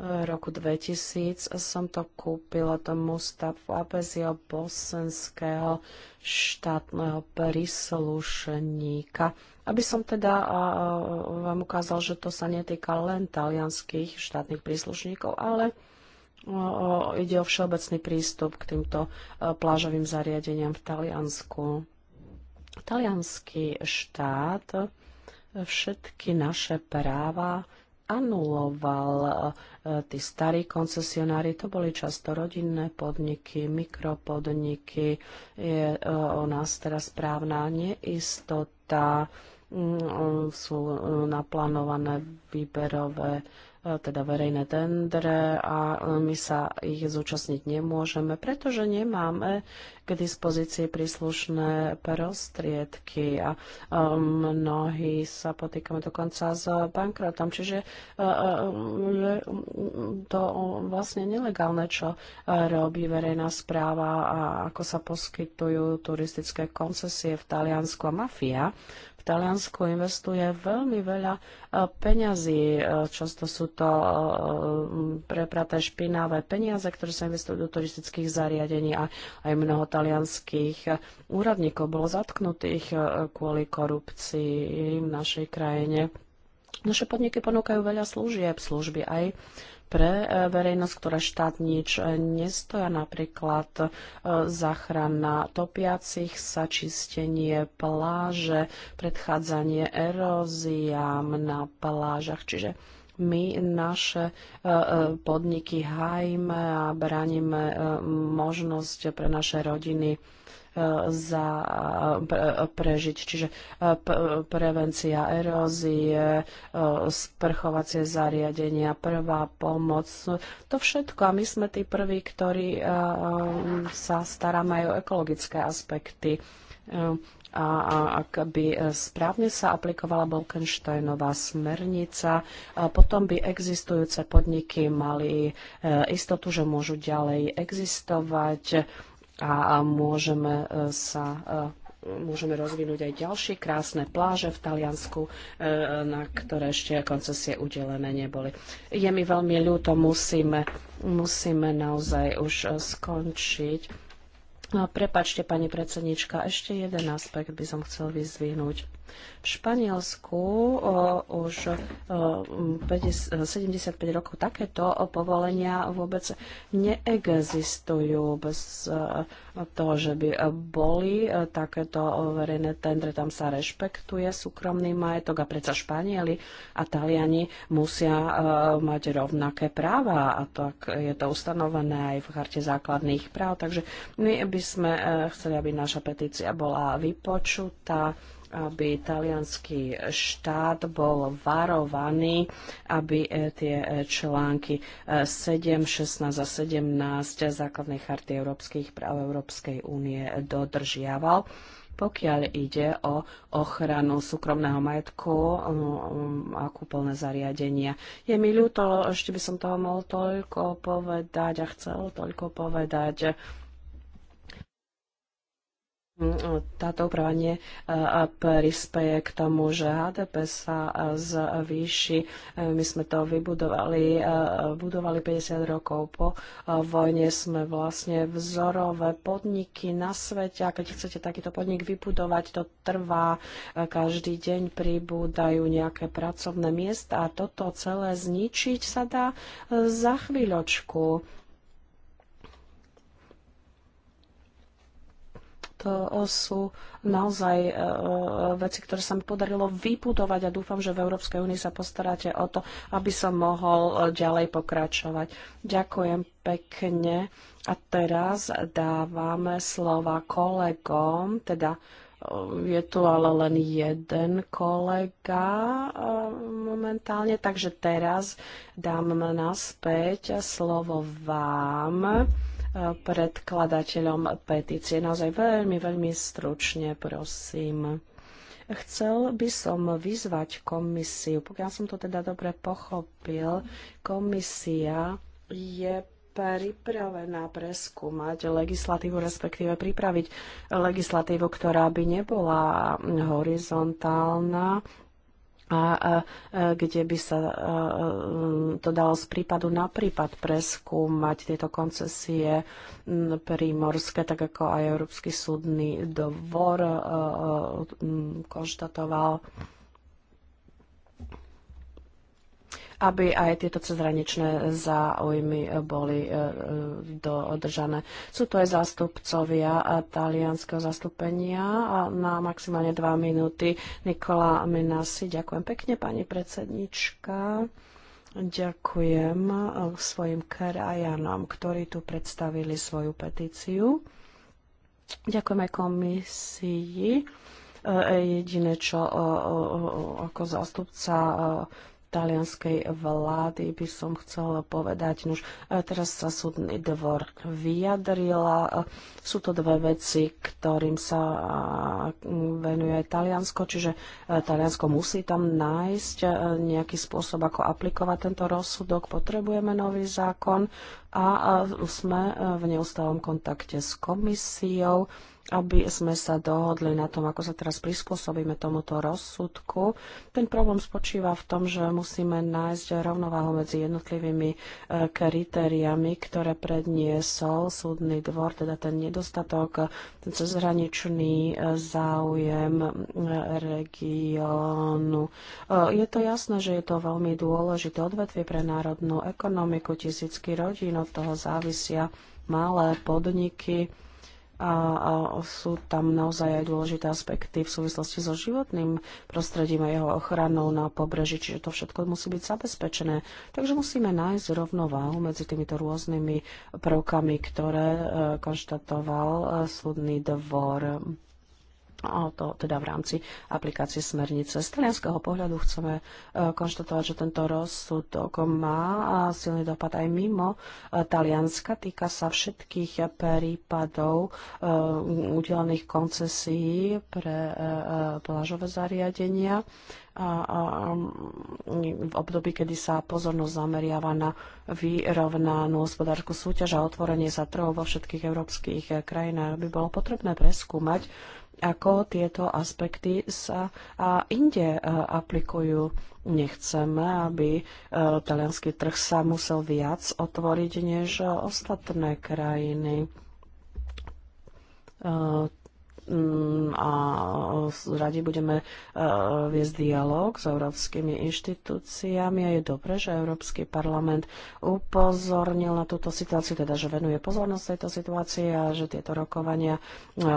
roku 2000 som to kúpila do Mustafa Abezio bosenského štátneho príslušníka. Aby som teda vám ukázal, že to sa netýka len talianských štátnych príslušníkov, ale ide o všeobecný prístup k týmto e, plážovým zariadeniam v Taliansku. Talianský štát všetky naše práva anuloval e, tí starí koncesionári, to boli často rodinné podniky, mikropodniky, je e, o nás teraz právna neistota, e, sú naplánované výberové E, teda verejné tendre a e, my sa ich zúčastniť nemôžeme, pretože nemáme k dispozícii príslušné prostriedky a e, mnohí sa potýkame dokonca s bankrotom. Čiže je to vlastne nelegálne, čo robí verejná správa a ako sa poskytujú turistické koncesie v Taliansku a mafia v Taliansku investuje veľmi veľa e, peňazí. E, často sú to e, prepraté špinavé peniaze, ktoré sa investujú do turistických zariadení a aj mnoho talianských úradníkov bolo zatknutých kvôli korupcii v našej krajine. Naše podniky ponúkajú veľa služieb, služby aj pre e, verejnosť, ktoré štát nič e, nestoja, napríklad e, záchrana topiacich sa, čistenie pláže, predchádzanie eróziám na plážach. Čiže my naše podniky hájime a bránime možnosť pre naše rodiny za prežiť. Čiže e, prevencia erózie, e, sprchovacie zariadenia, prvá pomoc, to všetko. A my sme tí prví, ktorí e, sa staráme aj o ekologické aspekty. A, ak by správne sa aplikovala Bolkensteinová smernica, potom by existujúce podniky mali istotu, že môžu ďalej existovať a môžeme e, sa e, môžeme rozvinúť aj ďalšie krásne pláže v Taliansku, e, na ktoré ešte koncesie udelené neboli. Je mi veľmi ľúto, musíme, musíme naozaj už skončiť. Prepačte, pani predsednička, ešte jeden aspekt by som chcel vyzvihnúť. V Španielsku už 50, 75 rokov takéto povolenia vôbec neexistujú bez e, toho, že by boli e, takéto verejné tendre. Tam sa rešpektuje súkromný majetok a predsa Španieli a Taliani musia e, mať rovnaké práva a tak je to ustanovené aj v charte základných práv. Takže my by sme chceli, aby naša petícia bola vypočutá aby talianský štát bol varovaný, aby e, tie e, články 7, e, 16 a 17 základnej charty európskych práv Európskej únie dodržiaval pokiaľ ide o ochranu súkromného majetku mm, a kúpeľné zariadenia. Je mi ľúto, ešte by som toho mohol toľko povedať a chcel toľko povedať. Táto úprava nie e, prispieje k tomu, že HDP sa e, zvýši. E, my sme to vybudovali, budovali 50 rokov po vojne. Sme vlastne vzorové podniky na svete a keď chcete takýto podnik vybudovať, to trvá. Každý deň pribúdajú nejaké pracovné miesta a toto celé zničiť sa dá za chvíľočku to e, sú naozaj e, e, veci, ktoré sa mi podarilo vyputovať a dúfam, že v Európskej únii sa postaráte o to, aby som mohol ďalej pokračovať. Ďakujem pekne. A teraz dávame slova kolegom, teda je tu ale len jeden kolega momentálne, takže teraz dám naspäť slovo vám predkladateľom petície. Naozaj veľmi, veľmi stručne, prosím. Chcel by som vyzvať komisiu, pokiaľ som to teda dobre pochopil, komisia je pripravená preskúmať legislatívu, respektíve pripraviť legislatívu, ktorá by nebola horizontálna, a kde by sa to dalo z prípadu na prípad preskúmať tieto koncesie primorské, tak ako aj Európsky súdny dvor konštatoval. aby aj tieto cezhraničné záujmy eh, boli eh, dodržané. Sú to aj zástupcovia eh, talianského zastúpenia na maximálne dva minúty. Nikola Minasi, ďakujem pekne, pani predsednička. Ďakujem svojim krajanom, ktorí tu predstavili svoju petíciu. Ďakujem aj komisii jediné, čo ako zástupca talianskej vlády by som chcela povedať. Nuž, e, teraz sa súdny dvor vyjadrila. E, sú to dve veci, ktorým sa venuje Taliansko, čiže e, Taliansko musí tam nájsť nejaký spôsob, ako aplikovať tento rozsudok. Potrebujeme nový zákon a sme v neustálom kontakte s komisiou aby sme sa dohodli na tom, ako sa teraz prispôsobíme tomuto rozsudku. Ten problém spočíva v tom, že musíme nájsť rovnováhu medzi jednotlivými e, kritériami, ktoré predniesol súdny dvor, teda ten nedostatok, ten cezhraničný e, záujem e, regiónu. Je to jasné, že je to veľmi dôležité odvetvie pre národnú ekonomiku. Tisícky rodín od toho závisia malé podniky a, a sú tam naozaj aj dôležité aspekty v súvislosti so životným prostredím a jeho ochranou na pobreží, čiže to všetko musí byť zabezpečené. Takže musíme nájsť rovnováhu medzi týmito rôznymi prvkami, ktoré e, konštatoval e, súdny dvor a to teda v rámci aplikácie smernice. Z talianského pohľadu chceme e, konštatovať, že tento rozsudok má e, silný dopad aj mimo e, Talianska. Týka sa všetkých prípadov udelených koncesí pre plážové zariadenia v období, kedy sa pozornosť zameriava na vyrovnanú hospodárskú súťaž a otvorenie sa trhov vo všetkých európskych krajinách, by bolo potrebné preskúmať, ako tieto aspekty sa a inde e, aplikujú. Nechceme, aby e, talianský trh sa musel viac otvoriť než ostatné krajiny e, Mm, a radi budeme e, viesť dialog s európskymi inštitúciami a je dobré, že Európsky parlament upozornil na túto situáciu, teda že venuje pozornosť tejto situácii a že tieto rokovania e, e,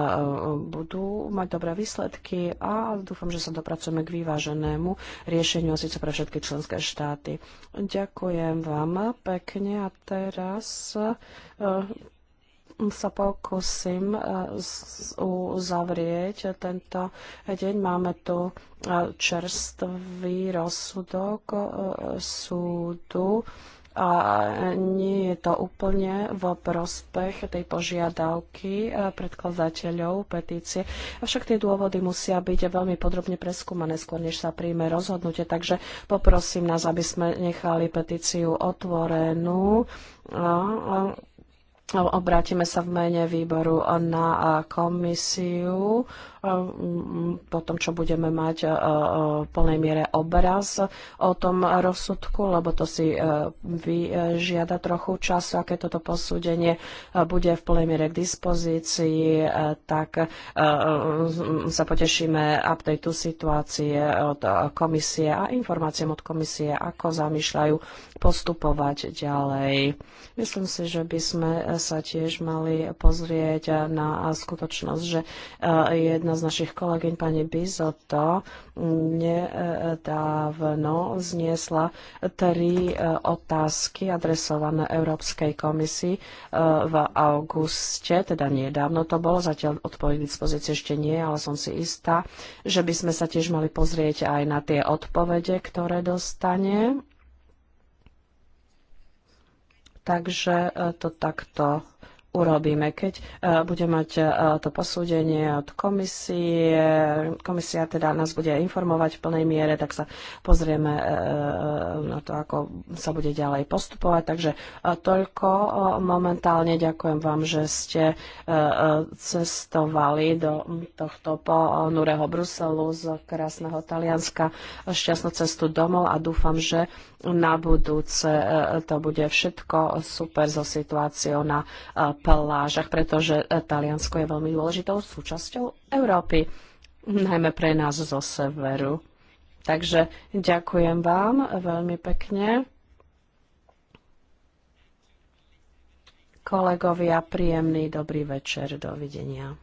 budú mať dobré výsledky a dúfam, že sa dopracujeme k vyváženému riešeniu, síce pre všetky členské štáty. Ďakujem vám pekne a teraz sa pokúsim e, uzavrieť tento deň. Máme tu e, čerstvý rozsudok e, súdu a nie je to úplne v prospech tej požiadavky predkladateľov petície. Avšak tie dôvody musia byť veľmi podrobne preskúmané skôr, než sa príjme rozhodnutie. Takže poprosím nás, aby sme nechali petíciu otvorenú. A Obrátime sa v mene výboru na komisiu po tom, čo budeme mať v plnej miere obraz o tom rozsudku, lebo to si e, vyžiada trochu času aké toto posúdenie e, bude v plnej miere k dispozícii, e, tak sa potešíme updateu situácie od komisie a informáciám od komisie, ako zamýšľajú postupovať ďalej. Myslím si, že by sme sa tiež mali pozrieť na skutočnosť, že jedna jedna z našich kolegyň, pani Bizoto, nedávno zniesla tri e, otázky adresované Európskej komisii e, v auguste, teda nedávno to bolo, zatiaľ odpovedť k dispozícii ešte nie, ale som si istá, že by sme sa tiež mali pozrieť aj na tie odpovede, ktoré dostane. Takže e, to takto urobíme. Keď e, bude mať e, to posúdenie od komisie, komisia teda nás bude informovať v plnej miere, tak sa pozrieme e, na to, ako sa bude ďalej postupovať. Takže toľko momentálne. Ďakujem vám, že ste cestovali do tohto ponurého Bruselu z krásneho Talianska. Šťastnú cestu domov a dúfam, že na budúce to bude všetko super so situáciou na plážach, pretože e, Taliansko je veľmi dôležitou súčasťou Európy, najmä pre nás zo severu. Takže ďakujem vám veľmi pekne. Kolegovia, príjemný dobrý večer. Dovidenia.